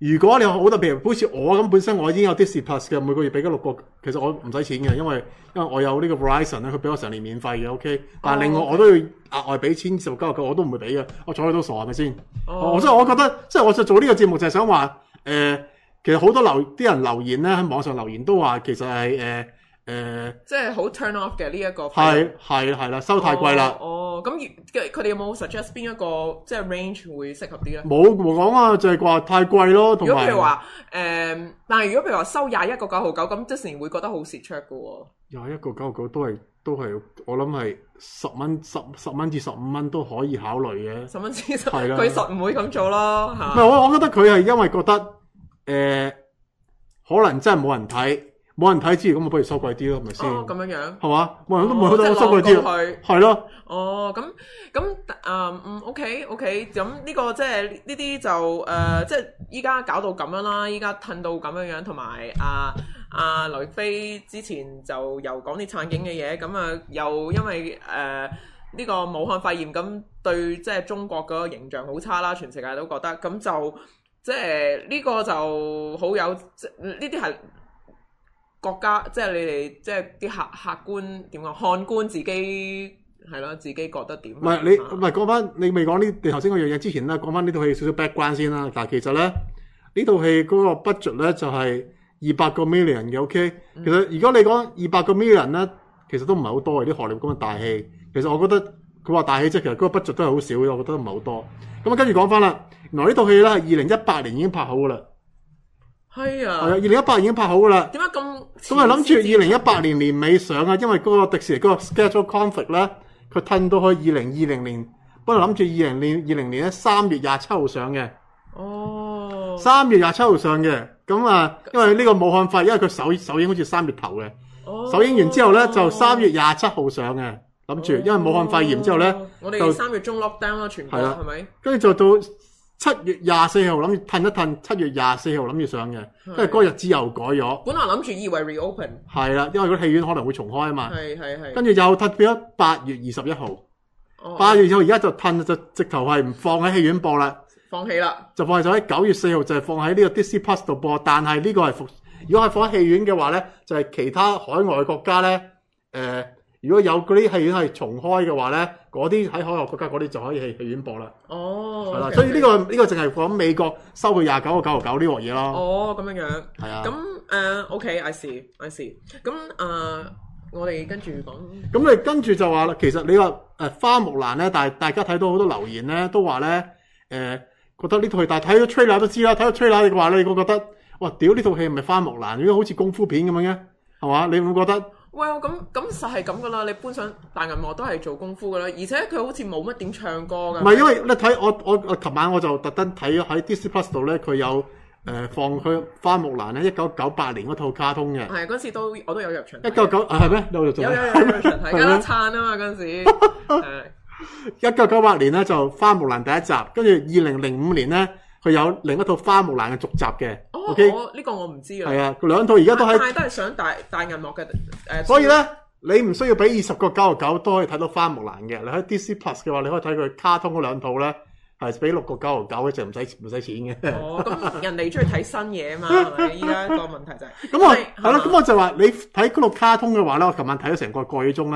如果你好特別，好似我咁本身，我已經有 Disney+ 嘅，每個月俾咗六個，其實我唔使錢嘅，因為因為我有呢個 Verizon 咧，佢俾我成年免費嘅，OK。Oh. 但係另外我都要額外俾千四百九十九我都唔會俾嘅，我睬佢都傻係咪先？我、oh. 所以，我覺得即係我做做呢個節目就係想話，誒、呃，其實好多留啲人留言咧喺網上留言都話，其實係誒。呃誒，呃、即係好 turn off 嘅呢一個係係係啦，收太貴啦，哦。哦，咁佢哋有冇 suggest 邊一個即係 range 會適合啲咧？冇冇講啊，就係話太貴咯。同埋，如果譬如話誒、呃，但係如果譬如話收廿一個九毫九，咁即時會覺得好蝕抽噶。廿一個九毫九都係都係，我諗係十蚊十十蚊至十五蚊都可以考慮嘅。十蚊至十，佢實唔會咁做咯。唔係的，我我覺得佢係因為覺得誒、呃，可能真係冇人睇。冇人睇知，咁咪不如收貴啲咯，係咪先？哦，咁樣樣，係嘛？冇人都唔會去收貴啲，係咯？哦，咁咁，啊的、哦，嗯，OK，OK，、okay, okay. 咁呢、這個即係呢啲就誒，即係依家搞到咁樣啦，依家褪到咁樣樣，同埋阿劉亦菲之前就又講啲撐警嘅嘢，咁啊又因為誒呢、呃這個武漢肺炎咁對即係中國嗰個形象好差啦，全世界都覺得，咁就即係呢、這個就好有，呢啲係。國家即係你哋，即係啲客客觀點講，看官自己係咯，自己覺得點？唔係你唔係講翻，你未講呢？你頭先嗰樣嘢之前咧，講翻呢套戲少少 background 先啦。但係其實咧，呢套戲嗰個 budget 咧就係二百個 million 嘅。OK，其實如果你講二百個 million 咧，其實都唔係好多嘅。啲荷里活咁嘅大戲，其實我覺得佢話大戲即係，其實嗰個 budget 都係好少嘅。我覺得唔係好多。咁啊，跟住講翻啦。原來，呢套戲咧係二零一八年已經拍好噶啦。係啊，係啊，二零一八已經拍好噶啦。點解咁？咁係諗住二零一八年年尾上啊，因為個迪士尼嗰、嗰個 schedule conflict 咧，佢褪到去二零二零年，本來諗住二零年二零年咧三月廿七號上嘅。哦。三月廿七號上嘅，咁、嗯、啊，因為呢個武漢肺炎，因為佢首首映好似三月頭嘅，首映、哦、完之後咧就三月廿七號上嘅，諗住，哦、因為武漢肺炎之後咧，哦、就我哋三月中 lock down 啦，全部係啦係咪？跟住、啊、就到。七月廿四號諗住褪一褪，七月廿四號諗住上嘅，跟住嗰日子又改咗。本來諗住以為 reopen，係啦，因為嗰戲院可能會重開啊嘛。係係係。跟住又褪變咗八月二十一號，八、哦、月二十一號而家就褪就直頭係唔放喺戲院播啦，放棄啦，就放棄咗喺九月四號就係放喺呢個 Disney Plus 度播，但係呢個係复，如果係放喺戲院嘅話咧，就係、是、其他海外國家咧，誒、呃，如果有嗰啲戲院係重開嘅話咧。嗰啲喺海外國家嗰啲就可以去戲院播啦。哦、oh, 的，係啦，所以呢、呢個呢 okay. 個淨係講美國收佢廿九個九毫九呢鑊嘢咯。哦、oh，咁樣樣係啊。咁誒，OK，I see，I see, I see。咁、uh, 誒，我哋跟住講。咁你跟住就話啦，其實你話誒花木蘭咧，但係大家睇到好多留言咧，都話咧誒覺得呢套戲，但係睇咗 trailer 都知啦，睇咗 trailer 嘅話覺得哇屌呢套戲唔係花木蘭，如果好似功夫片咁樣嘅係嘛？你會覺得？喂，咁咁實係咁㗎喇，你搬上大銀幕都係做功夫㗎喇，而且佢好似冇乜點唱歌㗎。唔係，因為你睇我我我琴晚我就特登睇喺 Disney Plus 度咧，佢有誒、呃、放佢花木蘭咧，一九九八年嗰套卡通嘅。係啊、嗯，嗰陣時都我都有入場。一九九誒係咩？有，有有有有入場睇，嗎加餐啊嘛嗰陣時。一九九八年咧就花木蘭第一集，跟住二零零五年咧。佢有另一套花木蘭嘅續集嘅，OK，呢個我唔知啊。係啊，兩套而家都喺，都係想大大銀幕嘅。誒，所以咧，你唔需要俾二十個九十九都可以睇到花木蘭嘅。你喺 DC Plus 嘅話，你可以睇佢卡通嗰兩套咧，係俾六個九十九嘅，就唔使唔使錢嘅。哦，咁人哋中意睇新嘢啊嘛，依家個問題就係咁我係啦，咁我就話你睇六卡通嘅話咧，我琴晚睇咗成個個幾鐘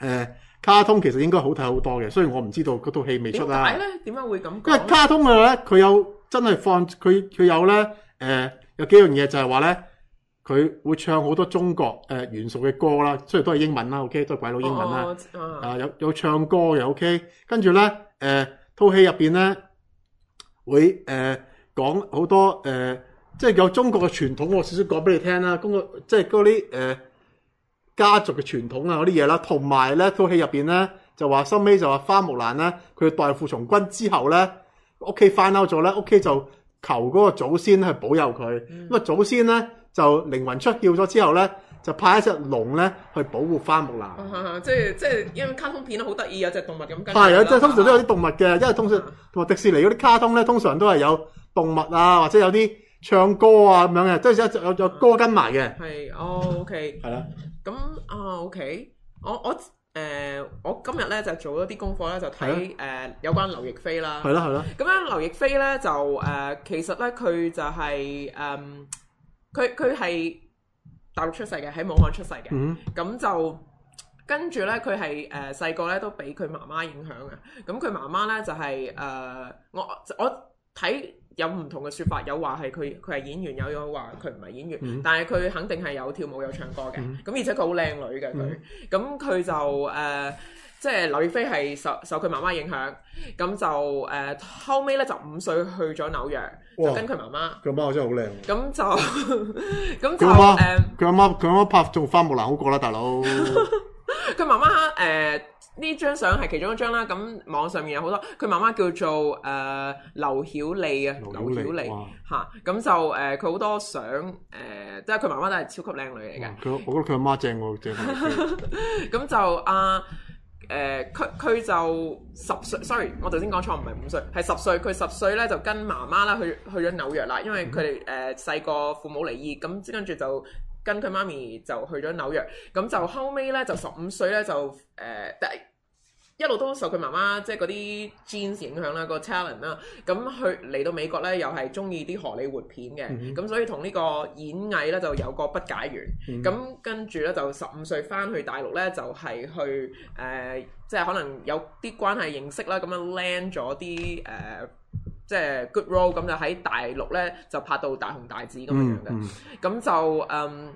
咧，誒。卡通其實應該好睇好多嘅，雖然我唔知道嗰套戲未出啦、啊。係咧？點解會咁講？因為卡通嘅咧，佢有真係放佢佢有咧，誒、呃、有幾樣嘢就係話咧，佢會唱好多中國誒元素嘅歌啦，雖然都係英文啦，OK 都係鬼佬英文啦，哦、啊，啊，啊有有唱歌嘅 OK，跟住咧誒套戲入邊咧會誒、呃、講好多誒，即、呃、係、就是、有中國嘅傳統我少少講俾你聽啦，咁個即係嗰啲誒。呃家族嘅傳統啊，嗰啲嘢啦，同埋咧套戲入邊咧就話收尾就話花木蘭咧佢代父從軍之後咧，屋企翻嬲咗咧，屋企就求嗰個祖先去保佑佢，咁啊祖先咧就靈魂出竅咗之後咧就派一隻龍咧去保護花木蘭、哦嗯嗯，即係即係因為卡通片都好得意啊，隻動物咁跟、啊，係啊即係通常都有啲動物嘅，因為通常同埋、嗯嗯嗯、迪士尼嗰啲卡通咧通常都係有動物啊或者有啲唱歌啊咁樣嘅，即有有有歌跟埋嘅、嗯，係 OK，係啦。 (laughs) (laughs) (laughs) 咁啊，OK，我我誒、呃、我今日咧就做咗啲功課咧，就睇誒的、呃、有關劉亦菲啦。係啦，係啦。咁樣劉亦菲咧就誒、呃，其實咧佢就係、是、誒，佢佢係大陸出世嘅，喺武漢出世嘅。嗯，咁就跟住咧，佢係誒細個咧都俾佢媽媽影響嘅。咁佢媽媽咧就係、是、誒、呃，我我睇。我有唔同嘅説法，有話係佢佢係演員，有有話佢唔係演員。嗯、但係佢肯定係有跳舞有唱歌嘅，咁、嗯、而且佢好靚女嘅佢，咁佢、嗯、就誒，即係劉亦菲係受受佢媽媽影響，咁就誒、呃、後尾咧就五歲去咗紐約，哇就跟佢媽媽，佢阿媽我真係好靚，咁那就咁 (laughs) 就誒，佢阿媽佢阿、嗯、媽，媽，媽，媽拍做花木蘭好過啦，大佬，佢 (laughs) 媽媽誒。呃呢張相係其中一張啦，咁網上面有好多佢媽媽叫做誒劉曉莉啊，劉曉莉嚇，咁哇、嗯、就誒佢好多相誒、呃，即係佢媽媽都係超級靚女嚟嘅。我覺得佢阿媽正喎，正。咁就啊，誒佢佢就十歲，sorry，我頭先講錯，唔係五歲，係十歲。佢十歲咧就跟媽媽啦去去咗紐約啦，因為佢哋誒細個父母離異，咁跟住就。跟佢媽咪就去咗紐約，咁就後尾呢，就十五歲呢，就誒、呃，一路都受佢媽媽即係嗰啲 genes 影響啦，個 challenge 啦，咁去嚟到美國呢，又係中意啲荷里活片嘅，咁、嗯嗯、所以同呢個演藝呢，就有個不解緣，咁、嗯嗯、跟住呢，就十五歲翻去大陸呢，就係、是、去誒、呃，即係可能有啲關係認識啦，咁樣 land 咗啲誒。呃即係 good road，咁就喺大陸咧就拍到大紅大紫，咁樣樣嘅，咁、mm hmm. 就嗯，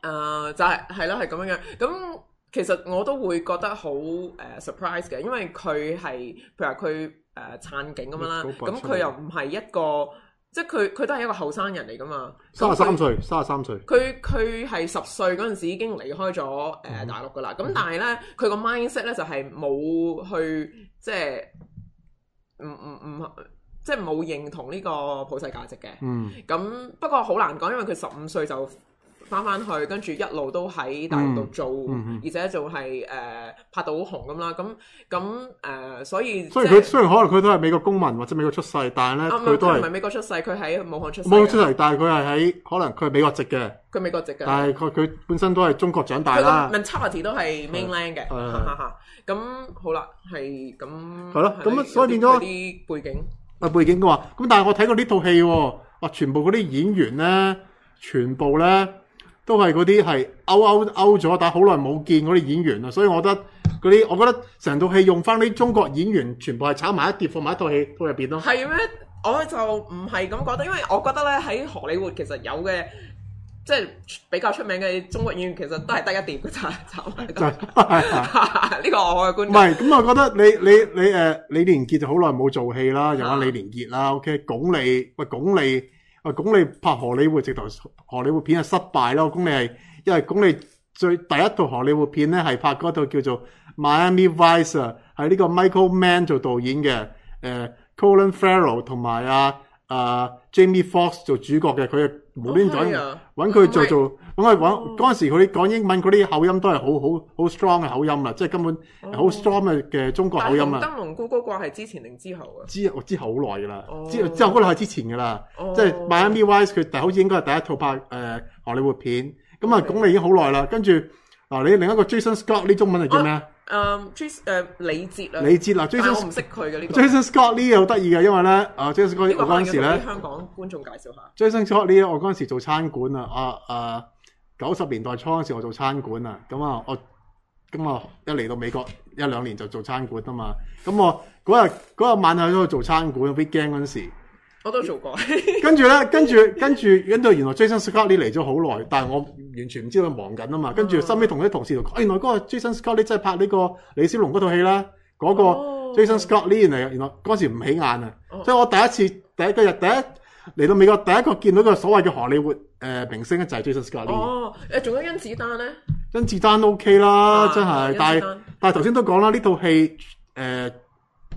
啊、呃、就係係咯，係咁樣樣。咁其實我都會覺得好誒 surprise 嘅，因為佢係譬如話佢誒撐警咁樣啦，咁佢 's、cool, 又唔係一個，s cool. 即係佢佢都係一個後生人嚟噶嘛，三十三歲三十三歲，佢佢係十歲嗰陣時已經離開咗誒大陸噶啦，咁、呃 mm hmm. 但係咧佢個 mindset 咧就係冇去即係唔唔唔。即係冇認同呢個普世價值嘅，咁不過好難講，因為佢十五歲就翻翻去，跟住一路都喺大陸度做，而且仲係誒拍到好紅咁啦。咁咁誒，所以雖然佢雖然可能佢都係美國公民或者美國出世，但係咧佢都唔係美國出世，佢喺武漢出世，武漢出嚟，但係佢係喺可能佢係美國籍嘅，佢美國籍嘅，但係佢佢本身都係中國長大啦 m i n i 都係 mainland 嘅，咁好啦，係咁係咯，咁所以變咗啲背景。個背景嘅話，咁但係我睇過呢套戲喎，全部嗰啲演員咧，全部咧都係嗰啲係勾勾勾咗，但係好耐冇見嗰啲演員啦，所以我覺得嗰啲，我覺得成套戲用翻啲中國演員，全部係炒埋一碟放埋一套戲入邊咯。係咩？我就唔係咁覺得，因為我覺得咧喺荷里活其實有嘅。即係比較出名嘅中國演員，其實都係得一點咋，就係呢個我嘅觀點。唔係，咁我覺得你你你誒李連杰就好耐冇做戲啦，又話李連杰啦。O K，鞏俐喂，鞏俐啊，鞏俐拍荷里活，直頭荷里活片係失敗咯。鞏俐係因為鞏俐最第一套荷里活片咧，係拍嗰套叫做 Miami Vice，係呢個 Michael Mann 做導演嘅，誒 Colin Farrell 同埋啊。啊、uh,，Jamie Foxx 做主角嘅，佢啊冇亂咗，揾佢做做，咁我講嗰陣時佢講英文嗰啲口音都係好好好 strong 嘅口音啦，即係根本好 strong 嘅嘅中國口音啊！《金、oh, 龍咕咕怪》係之前定之後啊、oh,？之之後、oh, 好耐噶啦，之之後嗰兩下之前噶啦，即係 Miami Vice 佢，第係好似應該係第一套拍誒荷里活片，咁啊講你已經好耐啦，跟住嗱、啊、你另一個 Jason Scott，呢中文係叫咩？Oh, 誒，Jesse 誒李哲啊，李哲啊 Jason 我唔識佢嘅呢個。Jason Scott 個呢個好得意嘅，因為咧，啊，Jason Scott 嗰陣時咧，香港觀眾介紹下。Jason Scott 呢，我嗰陣時做餐館啊，啊啊九十年代初嗰陣時我做餐館啊，咁、嗯、啊，我咁啊，嗯、我一嚟到美國一兩年就做餐館啊嘛，咁、嗯、我嗰日日晚黑喺度做餐館，好驚嗰陣時。我都做過。 (laughs) 跟住呢，跟住跟住跟住，原來 Jason Scott Lee 嚟咗好耐，但係我完全唔知道佢忙緊啊嘛。跟住收尾同啲同事就講，原來嗰個 Jason Scott Lee 真係拍呢個李小龍嗰套戲啦。那」嗰個 Jason、哦、Scott Lee 嚟原來嗰時唔起眼啊，即係我第一次第一個日第一嚟到美國，第一個見到個所謂嘅荷里活誒明星咧，就係 Jason Scott Lee。哦，誒，仲有甄子丹咧？甄子丹 OK 啦，真係，但係但係頭先都講啦，呢套戲誒、呃。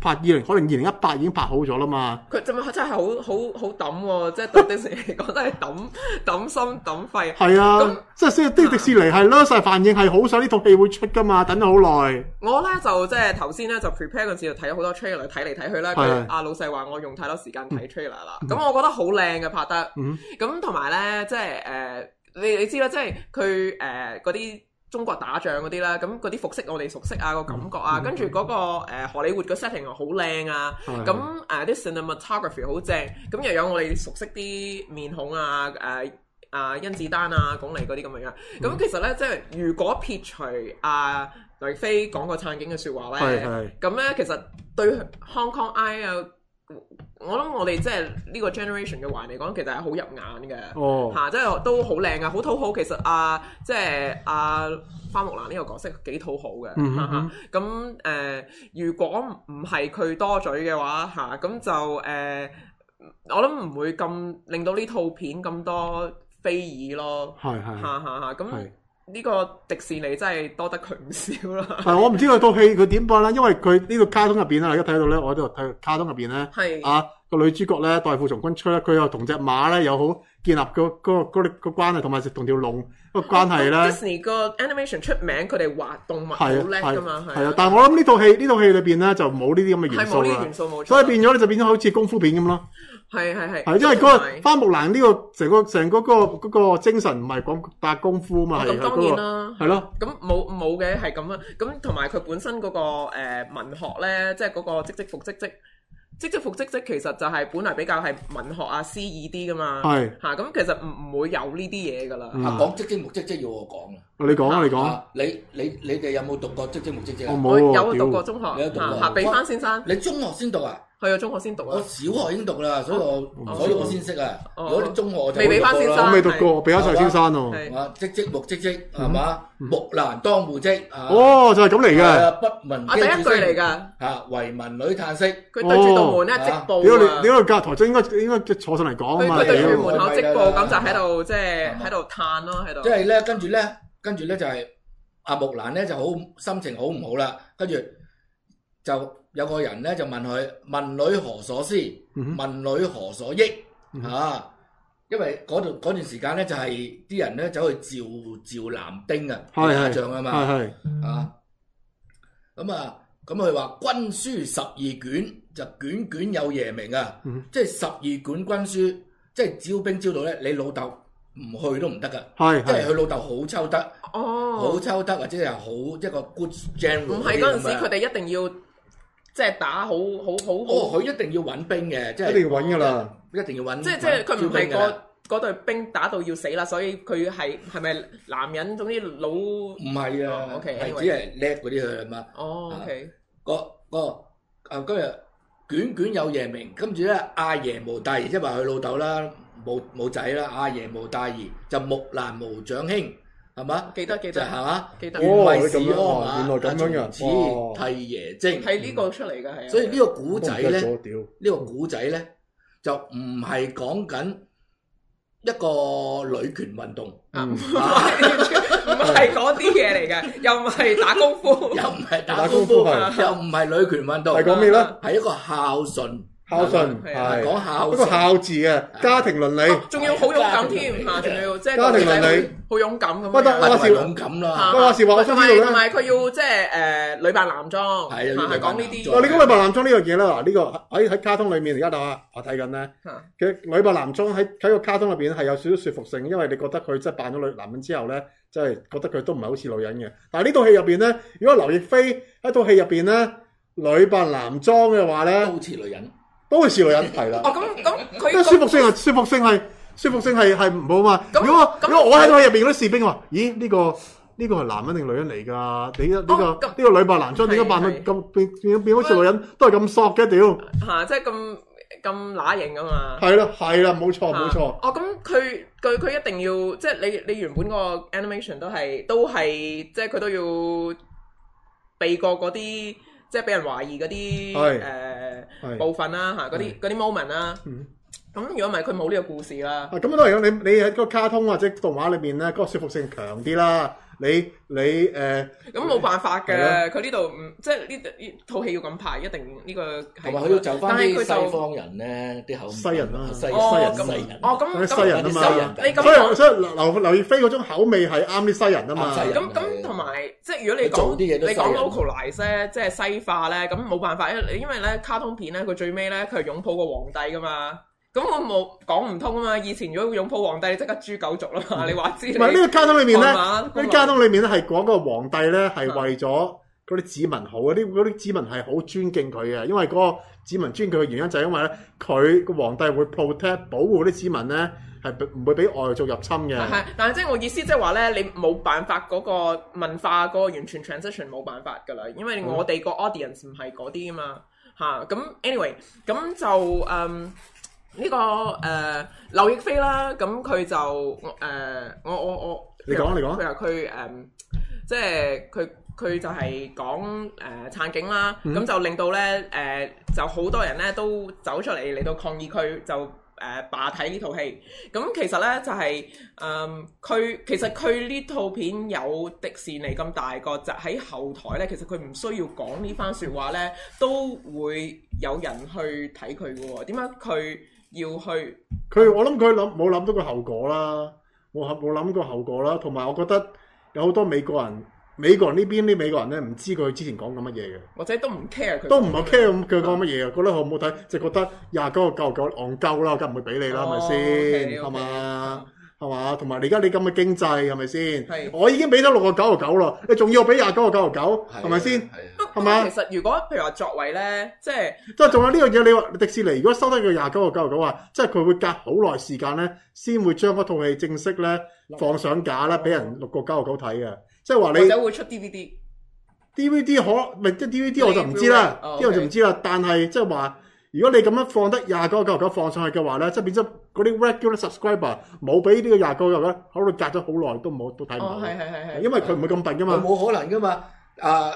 拍二零可能二零一八已經拍好咗啦嘛，佢真係真係好好好抌，即係對迪士尼嚟講都係抌抌心抌肺。係 (laughs) 啊，那即係雖然啲迪士尼係 l o 反應係好想呢套戲會出噶嘛，等咗好耐。我咧就即係頭先咧就 prepare 嗰時就睇咗好多 trailer，睇嚟睇去咧，阿的、啊、老細話我用太多時間睇 trailer 啦，咁、嗯嗯、我覺得好靚嘅拍得，咁同埋咧即係誒、呃，你你知啦，即係佢誒嗰啲。中國打仗嗰啲啦，咁嗰啲服飾我哋熟悉啊，個感覺啊，嗯、跟住嗰、那個荷里活嘅 setting 好靚啊，咁誒啲 cinematography 好正，咁、well, Right. uh, well, 又有我哋熟悉啲面孔啊誒啊甄子丹啊，鞏俐嗰啲咁樣，咁其實咧即係如果撇除啊劉亦菲講個撐警嘅説話咧，咁咧 Yes, Right. 其實對 Hong Kong I 有。我諗我哋即係呢個 generation 嘅話嚟講，其實係好入眼嘅，吓、oh.，即係都好靚啊，好討好。其實啊，即係啊，花木蘭呢個角色幾討好嘅，咁誒、mm hmm. 呃，如果唔係佢多嘴嘅話，吓、啊，咁就誒、呃，我諗唔會咁令到呢套片咁多非議咯，係、yes, yes , yes.，吓吓吓，咁。Yes, yes. 呢個迪士尼真係多得佢唔少啦。但係我唔知佢套戲佢點辦咧，因為佢呢個卡通入邊啦，大家睇到咧，我喺度睇卡通入邊咧，是啊，個女主角咧代父從軍出，佢又同隻馬咧又好建立嗰個嗰、嗰個、嗰個關係，同埋同條龍。個關係咧，Disney 個 animation，出名佢哋畫動物好叻噶嘛，係啊。但係我諗呢套戲呢套戲裏邊咧就冇呢啲咁嘅元素啦，所以變咗咧就變咗好似功夫片咁咯。係係係，係因為嗰個花木蘭呢個成個成嗰個嗰個精神唔係講打功夫啊嘛，係咁，當然啦，係咯。咁冇冇嘅係咁啊，咁同埋佢本身嗰個誒文學咧，即係嗰個唧唧復唧唧。即即復即即，其實就係本來比較係文學啊詩意啲㗎嘛，咁是、啊、其實唔唔會有呢啲嘢㗎喇，講即即目即即要我講。你講，你講，你你你哋有冇讀過唧唧復唧唧啊？我冇，有讀過中學，俾翻先生。你中學先讀啊？去到中學先讀啊？我小學已經讀啦，所以我我先識啊。我啲中學未俾翻先生，我未讀過，俾翻晒先生哦。唧唧復唧唧係嘛？木蘭當戶織。哦，就係咁嚟嘅。不聞。啊，第一句嚟噶。啊，聞女嘆息。佢對住道門呢，織布你點解隔台桌應該應該坐上嚟講啊？佢對住門口織布，咁就喺度即係喺度嘆咯，喺度。即係咧，跟住呢。跟住咧就係阿、啊、木蘭咧就好心情好唔好啦，跟住就有個人咧就問佢：問女何所思？問女何所憶？ (noise) 啊，因為嗰段段時間咧就係啲人咧走去召召南丁啊，邊個唱啊嘛？啊，咁啊，咁佢話軍書十二卷，就卷卷有爺名啊，即係十二卷軍書，即係招兵招到咧，你老豆。唔去都唔得噶，即係佢老豆好抽得，好抽得，或者係好一個 good general。唔係嗰陣時，佢哋一定要即係打好好好好。哦，佢一定要搵兵嘅，即係一定要搵噶啦，一定要搵。即係即係，佢唔係個嗰隊兵打到要死啦，所以佢係係咪男人？總之老唔係啊，係只係叻嗰啲佢嘛。哦，個個啊今日卷卷有爺名，跟住咧阿爺無大，即係話佢老豆啦。冇冇仔啦，阿爺無大兒，就木蘭無長兄，係嘛？記得記得，就係嘛？記得。哦，咁樣啊，原來咁樣樣。子替爺征，係呢個出嚟㗎，係。所以呢個古仔咧，呢個古仔咧，就唔係講緊一個女權運動啊，唔係嗰啲嘢嚟嘅，又唔係打功夫，又唔係打功夫，又唔係女權運動，係講咩咧？係一個孝順。孝順係講孝，不過孝字啊，家庭倫理，仲要好勇敢添吓，仲要即係家庭倫理，好勇敢咁。不得，我話是勇敢啦，我話是話我先知道唔係唔係，佢要即係誒女扮男裝，係啊，講呢啲。你講女扮男裝呢樣嘢啦，嗱，呢個喺喺卡通裏面而家大家睇緊咧，其實女扮男裝喺喺個卡通入邊係有少少說服性，因為你覺得佢即係扮咗女男人之後咧，即係覺得佢都唔係好似女人嘅。但係呢套戲入邊咧，如果劉亦菲喺套戲入邊咧女扮男裝嘅話咧，都好似女人。都係似女人，係啦。哦，咁咁佢。即係舒服性係舒服性係舒服性係係唔好嘛？如果如果我喺度入邊嗰啲士兵話，咦，呢個呢個係男人定女人嚟噶？呢個呢個呢個女扮男裝點解扮到咁變變咗好似女人？都係咁索嘅屌吓，即係咁咁乸型㗎嘛？係啦係啦，冇錯冇錯。哦咁，佢佢佢一定要即係你你原本個 animation 都係都係即係佢都要避過嗰啲即係俾人懷疑嗰啲誒。部分啦嚇，嗰啲嗰啲 moment 啦，咁如果唔係，佢冇呢個故事啦，咁都係咁，你你喺個卡通或者動畫裏面咧，嗰個說服性強啲啦。你你誒咁冇辦法嘅，佢呢度唔即係呢套戲要咁拍，一定呢個同埋佢要就翻啲西方人咧啲口西人啦，西人西人哦咁西人啊嘛，所以所以劉劉亦菲嗰種口味係啱啲西人啊嘛，咁咁同埋即係如果你講啲嘢，西西你講 localize 即係西化咧，咁冇辦法，因為因為咧卡通片咧佢最尾咧佢係擁抱個皇帝㗎嘛。咁我冇講唔通啊嘛！以前如果擁抱皇帝，你即刻豬狗族啦嘛！嗯、你話知唔係呢個卡通裏面咧？呢個卡通裏面咧係講個皇帝咧係為咗嗰啲子民好，啲嗰啲子民係好尊敬佢嘅，因為嗰個子民尊敬佢嘅原因就係因為咧佢個皇帝會 protect 保護啲子民咧，係唔會俾外族入侵嘅。係，但係即係我意思，即係話咧，你冇辦法嗰、那個文化嗰、那個完全 transition 冇辦法噶啦，因為我哋個 audience 唔係嗰啲啊嘛吓，咁 anyway，咁就嗯。Anyway, 呢、這個誒、呃、劉亦菲啦，咁、嗯、佢就我我我我，你講啊你講啊，佢誒、嗯、即係佢佢就係講誒撐警啦，咁、嗯、就令到咧誒、呃、就好多人咧都走出嚟嚟到抗議區，就誒、呃、罷睇呢套戲。咁、嗯、其實咧就係誒佢其實佢呢套片有迪士尼咁大個就喺後台咧，其實佢唔需要講呢番説話咧，都會有人去睇佢嘅喎。點解佢？要去佢，我諗佢諗冇諗到個後果啦，冇，冇諗過個後果啦，同埋我覺得有好多美國人，美國人呢邊啲美國人咧唔知佢之前講緊乜嘢嘅，或者都唔 care 佢，都唔係 care 佢講乜嘢嘅，嗯、覺得好唔好睇，就覺得廿九個九啊九戇鳩啦，我梗唔會俾你啦，係咪先？係嘛？係嘛？同埋你而家你咁嘅經濟係咪先？是我已經俾咗六個九啊九啦，你仲要俾廿九個九啊九，係咪先？係嘛？其實如果譬如話作為咧，即係即係仲有呢樣嘢，你話迪士尼如果收得佢廿九個九十九啊，即係佢會隔好耐時間咧，先會將嗰套戲正式咧放上架咧，俾人六個九十九睇嘅，即係話你或者會出 D V D D V D 可咪即 D V D 我就唔知啦，呢個、like. oh, okay. 就唔知啦。但係即係話，如果你咁樣放得廿九個九十九放上去嘅話咧，即係變咗嗰啲 regular subscriber 冇俾呢個廿九個九十九喺度隔咗好耐都冇都睇唔到，係係係係，因為佢唔會咁笨噶嘛，冇可能噶嘛，啊！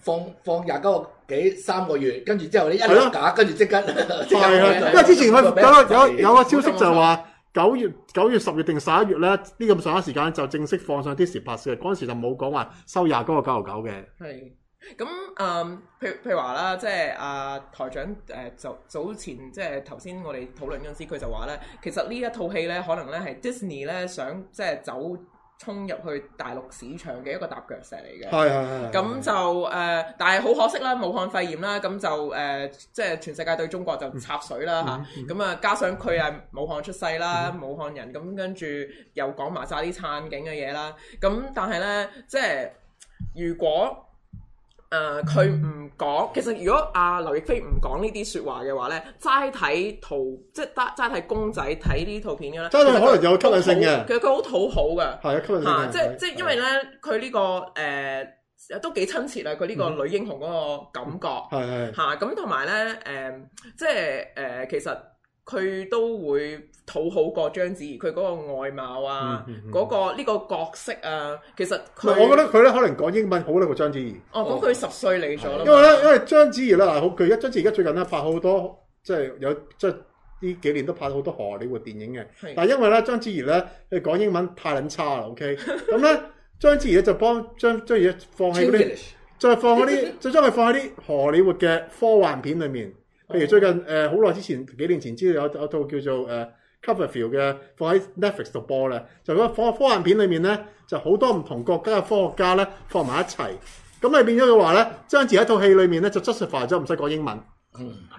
放放廿九個幾三個月，跟住之後呢，一兩假，跟住即刻。係啊， (laughs) 刻啊因為之前佢有有，有個消息就話九月九月十月定十一月咧呢，咁上一時間就正式放上 Disney 拍嘅，嗰陣時就冇講話收廿九個九十九嘅。係，咁誒、呃，譬譬如話啦，即係阿、呃、台長誒，就、呃、早前即係頭先我哋討論嗰陣時，佢就話咧，其實呢一套戲咧，可能咧係 Disney 咧想即係走。衝入去大陸市場嘅一個踏腳石嚟嘅，係、係、係，咁就誒、呃，但係好可惜啦，武漢肺炎啦，咁就誒、呃，即係全世界對中國就插水啦嚇，咁 (music) (music) 啊加上佢係武漢出世啦， (music) (music) 武漢人，咁跟住又講埋晒啲撐警嘅嘢啦，咁但係呢，即係如果。誒，佢唔講，其實如果阿劉亦菲唔講呢啲說話嘅話咧，齋睇圖，即係齋齋睇公仔睇呢套片嘅咧，都係可能有吸引力嘅。其實佢好討好㗎，係啊，吸引力，即係即係，因為咧，佢呢個誒、呃、都幾親切啦，佢呢個女英雄嗰個感覺，係係吓咁，同埋咧，誒、啊呃，即係誒、呃，其實。佢都會討好過章子怡，佢嗰個外貌啊，嗰、嗯嗯、個呢個角色啊，其實佢，我覺得佢咧可能講英文好過章子怡。哦，講、嗯、佢、哦、十歲嚟咗啦。因為咧，因為章子怡咧，嗱，佢一章子怡而家最近咧拍好多，即係有即係呢幾年都拍好多荷里活電影嘅。是但係因為咧章子怡咧，佢講英文太撚差啦。OK，咁咧章子怡咧就幫張章子怡放喺嗰啲，再 (laughs) 放嗰啲，就將佢放喺啲 (laughs) 荷里活嘅科幻片裏面。譬如最近誒好耐之前幾年前，知道有有套叫做誒《呃、Coverfield 嘅放喺 Netflix 度播咧，就嗰個科幻科幻片裏面咧，就好多唔同國家嘅科學家咧放埋一齊。咁你變咗嘅話咧，將自喺套戲裏面咧就 translate 咗唔使講英文，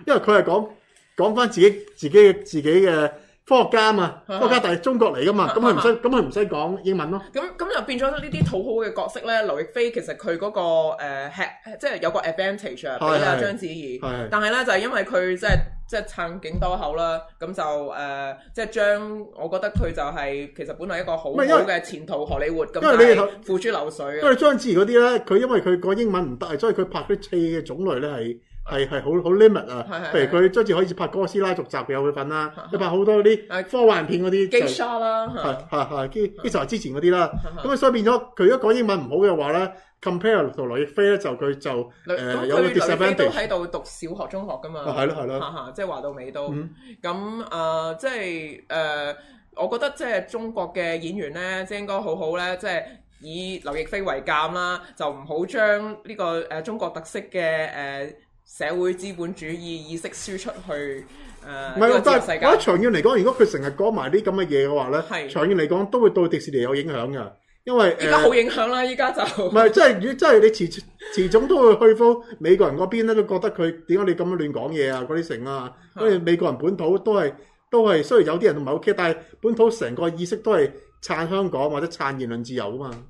因為佢係講講翻自己自己自己嘅。科學家嘛，科學家但係中國嚟㗎嘛，咁佢唔使，咁佢唔使講英文咯。咁咁就變咗呢啲討好嘅角色咧。劉亦菲其實佢嗰個誒即係有個 advantage 俾阿章子怡。係，但係咧就係因為佢即係即係撐警多口啦，咁就誒即係將我覺得佢就係其實本來一個好好嘅前途荷里活咁。因為你付諸流水因。因為章子怡嗰啲咧，佢因為佢個英文唔得，所以佢拍啲戲嘅種類咧係。係係好好 limit 啊！譬如佢將住可以拍哥斯拉續集嘅有佢份啦，又拍好多啲科幻片嗰啲、就是。G 莎、啊、啦，係係係。之前嗰啲啦，咁啊，所以變咗佢如果講英文唔好嘅話咧，compare 同劉亦菲咧，就佢就誒、呃、他有個 disadvantage 都喺度讀小學、中學噶嘛。啊，係咯係咯，即係話到尾都咁啊！即係誒，我覺得即係中國嘅演員咧，即係應該好好咧，即係以劉亦菲為鑑啦，就唔好將呢個誒中國特色嘅誒。呃社會資本主義意識輸出去，誒、呃，唔係喎，但係我長遠嚟講，如果佢成日講埋啲咁嘅嘢嘅話咧，是長遠嚟講都會對迪士尼有影響嘅，因為而家好影響啦，而家就唔係，即係、呃，即、就、係、是就是就是、你始終都會去到美國人嗰邊咧，都覺得佢點解你咁樣亂講嘢啊？嗰啲成啊，是因為美國人本土都係都係，雖然有啲人唔係好激，但係本土成個意識都係撐香港或者撐言論自由啊嘛。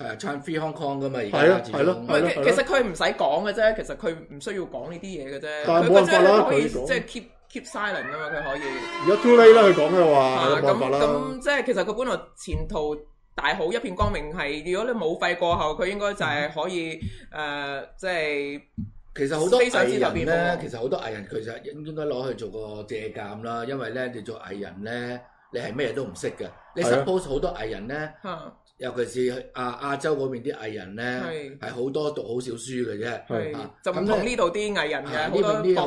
誒唱 Free Hong Kong 噶嘛，而家，其實佢唔使講嘅啫，其實佢唔需要講呢啲嘢嘅啫。佢係嗰個咧可以即係 keep keep silent 啊嘛，佢可以。而家 too late 啦，佢講嘅話。咁咁即係其實佢本來前途大好，一片光明係。如果你冇費過後，佢應該就係可以誒，即係其實好多藝人咧，其實好多藝人其實應該攞去做個借鑑啦，因為咧你做藝人咧，你係咩都唔識嘅。你 suppose 好多藝人咧。尤其是亞、啊、亞洲嗰邊啲藝人咧，係好是多讀好少書嘅啫是、啊、就唔同呢度啲藝人啊，好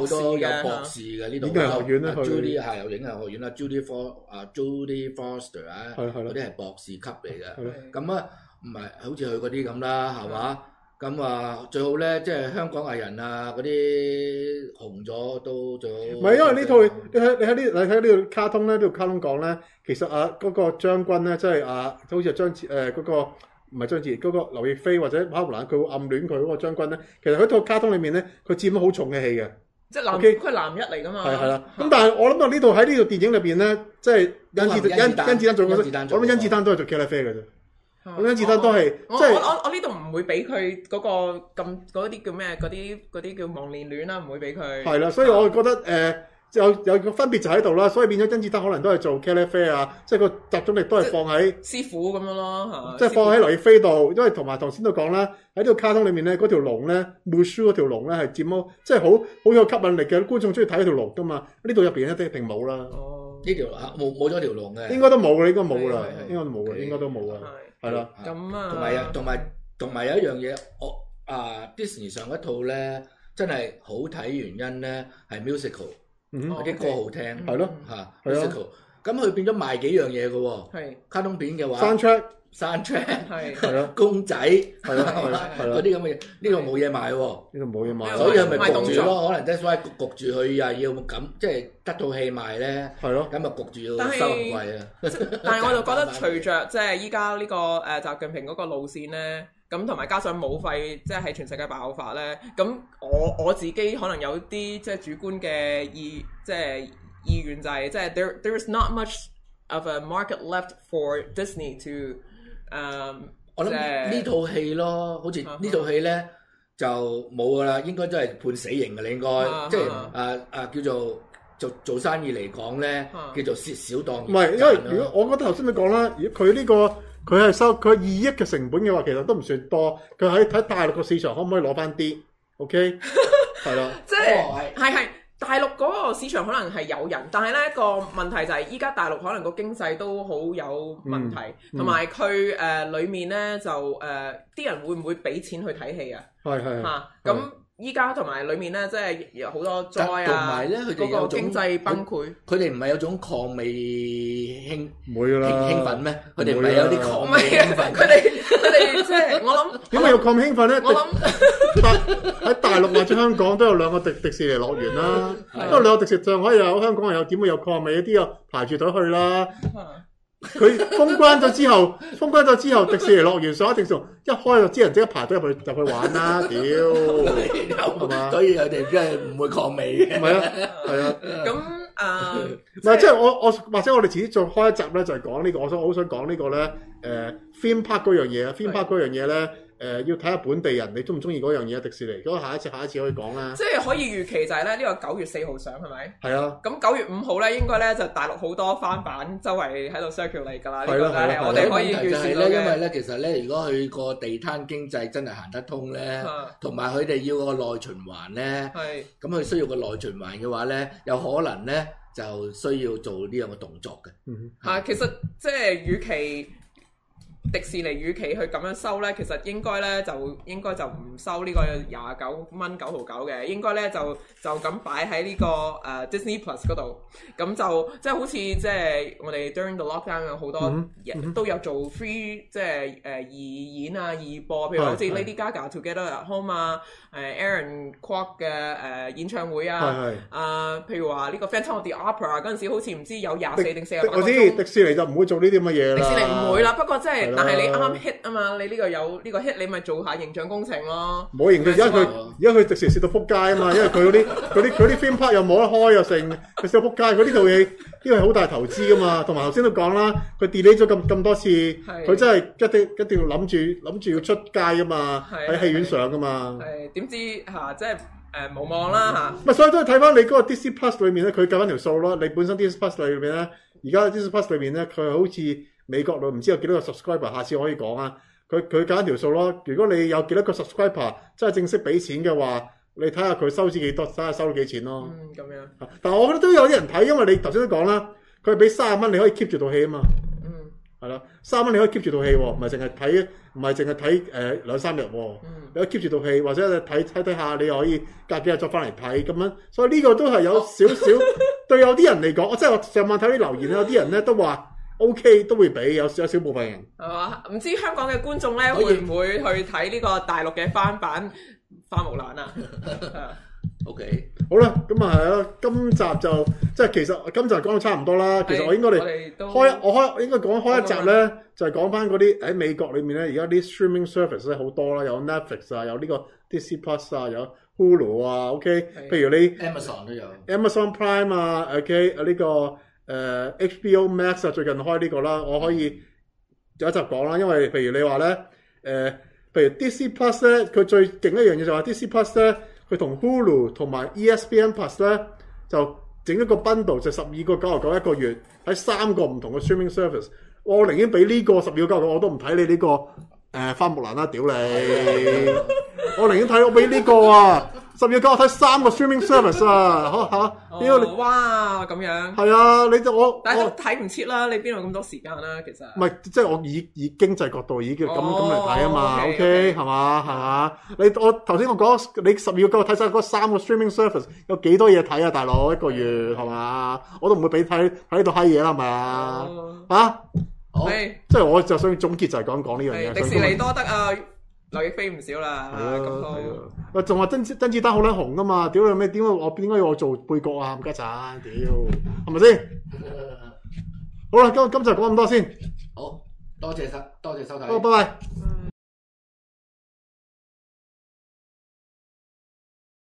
多有博士嘅，呢度影藝學院啦，Judy 係有影藝學院啦、啊 Judy, uh,，Judy For 啊、uh, Judy Foster 啊，嗰啲係博士級嚟嘅。咁啊的，唔係好似佢嗰啲咁啦，係嘛的？咁話最好咧，即係香港藝人啊，嗰啲紅咗都最好。唔係，因為呢套、嗯、你喺你喺呢你喺呢套卡通咧，呢套卡通講咧，其實啊嗰、那個將軍咧，即、就、係、是、啊，好似阿張傑誒嗰個唔係張傑，嗰、那個劉亦菲或者馬雲蘭，佢會暗戀佢嗰個將軍咧。其實佢套卡通裏面咧，佢佔好重嘅戲嘅。即係男，佢係男一嚟㗎嘛。係係啦。咁的但係我諗到呢套喺呢、啊、套電影裏邊咧，即係甄子丹甄子丹做嗰啲，我諗甄子丹都係做茄喱啡㗎啫。甄子丹都係即係我我呢度唔會俾佢嗰個咁嗰啲叫咩嗰啲啲叫忘年戀啦，啊，唔會俾佢係啦，所以我覺得誒、呃、有有個分別就喺度啦，所以變咗甄子丹可能都係做 k i 啡 l 啊，的即係個集中力都係放喺師傅咁樣咯，即係放喺劉亦菲度，因為同埋唐先都講啦，喺呢個卡通裏面咧，嗰條龍咧，木須嗰條龍咧係占卜，即係好好有吸引力嘅觀眾中意睇嗰條龍噶嘛，呢度入邊一定冇啦。哦，呢條啊冇冇咗條龍嘅，應該都冇嘅，應該冇啦，應該冇嘅，應該都冇啊。係咯，咁啊，同埋啊，同埋同埋有一樣嘢，我啊 Disney 上一套咧，真係好睇原因咧係 musical，啲、嗯、歌好聽，係咯吓 musical 咁佢變咗賣幾樣嘢嘅喎，係卡通片嘅話。山車係係咯，公仔係啦，係啦，嗰啲咁嘅嘢，呢度冇嘢買喎，呢度冇嘢買，所以係咪焗住咯？可能 Disney 焗住佢啊，要咁即係得到氣賣咧，係咯，咁咪焗住咯，收唔貴啊！但係我就覺得隨着即係依家呢個誒習近平嗰個路線咧，咁同埋加上武肺即係喺全世界爆發咧，咁我我自己可能有啲即係主觀嘅意，即係意願就係，即係 There There is not much of a market left for Disney to 誒，我諗呢套戲咯，好似呢套戲咧就冇噶啦，應該都係判死刑嘅，你應該即係誒誒，叫做做做生意嚟講咧，叫做蝕小檔。唔係，因為如果我覺得頭先咪講啦，如果佢呢個佢係收佢二億嘅成本嘅話，其實都唔算多。佢喺喺大陸個市場可唔可以攞翻啲？OK，係啦，即係係係。大陸嗰個市場可能係有人，但係呢個問題就係依家大陸可能個經濟都好有問題，同埋佢誒裏面呢，就誒啲、呃、人會唔會俾錢去睇戲啊？係係嚇咁。嗯嗯嗯依家同埋裏面咧，即係有好多災啊！嗰個經濟崩潰，佢哋唔係有種抗美興興奮咩？佢哋唔係有啲抗美興奮？佢哋佢哋即係我諗，點解有抗興奮咧？我諗喺大陸或者香港都有兩個迪迪士尼樂園啦，不過兩個迪士尼仲可以啊！香港又點會有抗美一啲又排住隊去啦。佢封關咗之後，封關咗之後，迪士尼樂園所定做一開就啲人即刻排咗入去入去玩啦，屌，係嘛？所以佢哋真係唔會抗美嘅，係啊對，係啊。咁那啊，唔即係我我或者我哋遲啲再開一集咧，就講呢個，我想好想講呢個咧，誒 theme park 嗰樣嘢 theme park 嗰樣嘢咧。誒，要睇下本地人你中唔中意嗰樣嘢迪士尼？咁我下一次下一次可以講啦。即係可以預期就係咧，呢個九月四號上係咪？係啊。咁九月五號咧，應該咧就大陸好多翻版，周圍喺度 circulate 你㗎啦。係咯，係咯。我哋可以預示咧，問題就係咧，因為咧，其實咧，如果佢個地攤經濟真係行得通咧，同埋佢哋要個內循環咧，咁佢需要個內循環嘅話咧，有可能咧就需要做呢樣嘅動作嘅。嚇，其實即係與其。迪士尼與其去咁樣收咧，其實應該咧就應該就唔收呢個廿九蚊九毫九嘅，應該咧就就咁擺喺呢個誒、uh, Disney Plus 嗰度，咁就即係、就是、好似即係我哋 During the lockdown 有好多人、嗯嗯、都有做 free 即係誒二演啊二播，譬如好似 Lady Gaga Together at Home 啊，誒、uh, Aaron Quark 嘅誒演唱會啊，啊是、uh, 譬如話呢個 Phantom of the Opera 嗰陣時好似唔知有廿四定四十八，我知迪士尼就唔會做呢啲咁嘅嘢，迪士尼唔會啦，不過即、就、係、是。但係你啱啱 hit 啊嘛，你呢個有呢個 hit，你咪做下形象工程咯。冇形象，而家佢而家佢直情蝕到撲街啊嘛，因為佢嗰啲佢啲佢啲 film park 又冇得開又成，佢蝕到撲街。佢呢套嘢，因為好大投資噶嘛，同埋頭先都講啦，佢 delay 咗咁咁多次，佢真係一定一定要諗住諗住要出街噶嘛，喺戲院上噶嘛。係點知吓，即係誒無望啦吓。所以都係睇翻你嗰個 Disney Plus 裏面咧，佢計翻條數咯。你本身 Disney Plus 裏邊咧，而家 Disney Plus 裏邊咧，佢好似。美國佬唔知有幾多個 subscriber，下次可以講啊。佢佢揀一條數咯。如果你有幾多個 subscriber，真係正式俾錢嘅話，你睇下佢收錢幾多，睇下收到幾錢咯。嗯，咁樣。但係我覺得都有啲人睇，因為你頭先都講啦，佢俾三十蚊你可以 keep 住套戲啊嘛。嗯。係啦，三十蚊你可以 keep 住套戲，唔係淨係睇，唔係淨係睇誒兩三日。嗯。你可以 keep 住套戲，或者睇睇睇下，看看你又可以隔幾日再翻嚟睇咁樣。所以呢個都係有少少對有啲人嚟講、啊， (laughs) 我真係上晚睇啲留言有啲人咧都話。O、okay, K 都會俾有有少部分人係嘛，唔、啊、知香港嘅觀眾咧以會唔會去睇呢個大陸嘅翻版花木蘭啊 (laughs) ？O Okay . K 好啦，咁啊係啦，今集就即係其實今集講到差唔多啦。是其實我應該嚟開我開我應該講開一集咧，就係講翻嗰啲喺美國裏面咧，而家啲 streaming service 咧好多啦，有 Netflix 啊，有呢個 Disney Plus 啊，有 Hulu 啊。O、okay? K，是譬如你是 Amazon 都有 Amazon Prime 啊。O K 啊呢個。誒、uh, HBO Max 啊，最近開呢、這個啦，我可以有一集講啦。因為譬如你話咧，誒、呃、譬如 DC Plus 咧，佢最勁一樣嘢就係 DC Plus 咧，佢同 Hulu 同埋 ESPN Plus 咧，就整一個 bundle 就十二個九十九一個月，喺三個唔同嘅 streaming service。我寧願俾呢個十二個九十九，我都唔睇你呢、這個誒、呃、花木蘭啦、啊，屌你！ (laughs) 我寧願睇我俾呢個啊！十月九號我睇三個 streaming service 啊，嚇？邊個？哇，咁樣。係啊，你我我睇唔切啦，你邊度咁多時間啦？其實。唔係，即係我以以經濟角度，已經咁咁嚟睇啊嘛。O K，係嘛？係嘛？你我頭先我講，你十月九號睇晒嗰三個 streaming service 有幾多嘢睇啊？大佬一個月係嘛？我都唔會俾睇喺呢度閪嘢啦，係嘛？嚇！係。即係我就想總結就係講講呢樣嘢。迪士尼多得啊！劉亦菲唔少啦，咁多，啊，仲話甄子甄子丹好鬼紅㗎嘛？屌你咩？點解我點解要我做配角啊？冚家鏟？屌，係咪先？好啦，今今集講咁多先，好多謝，多謝收多謝收睇，好，拜拜。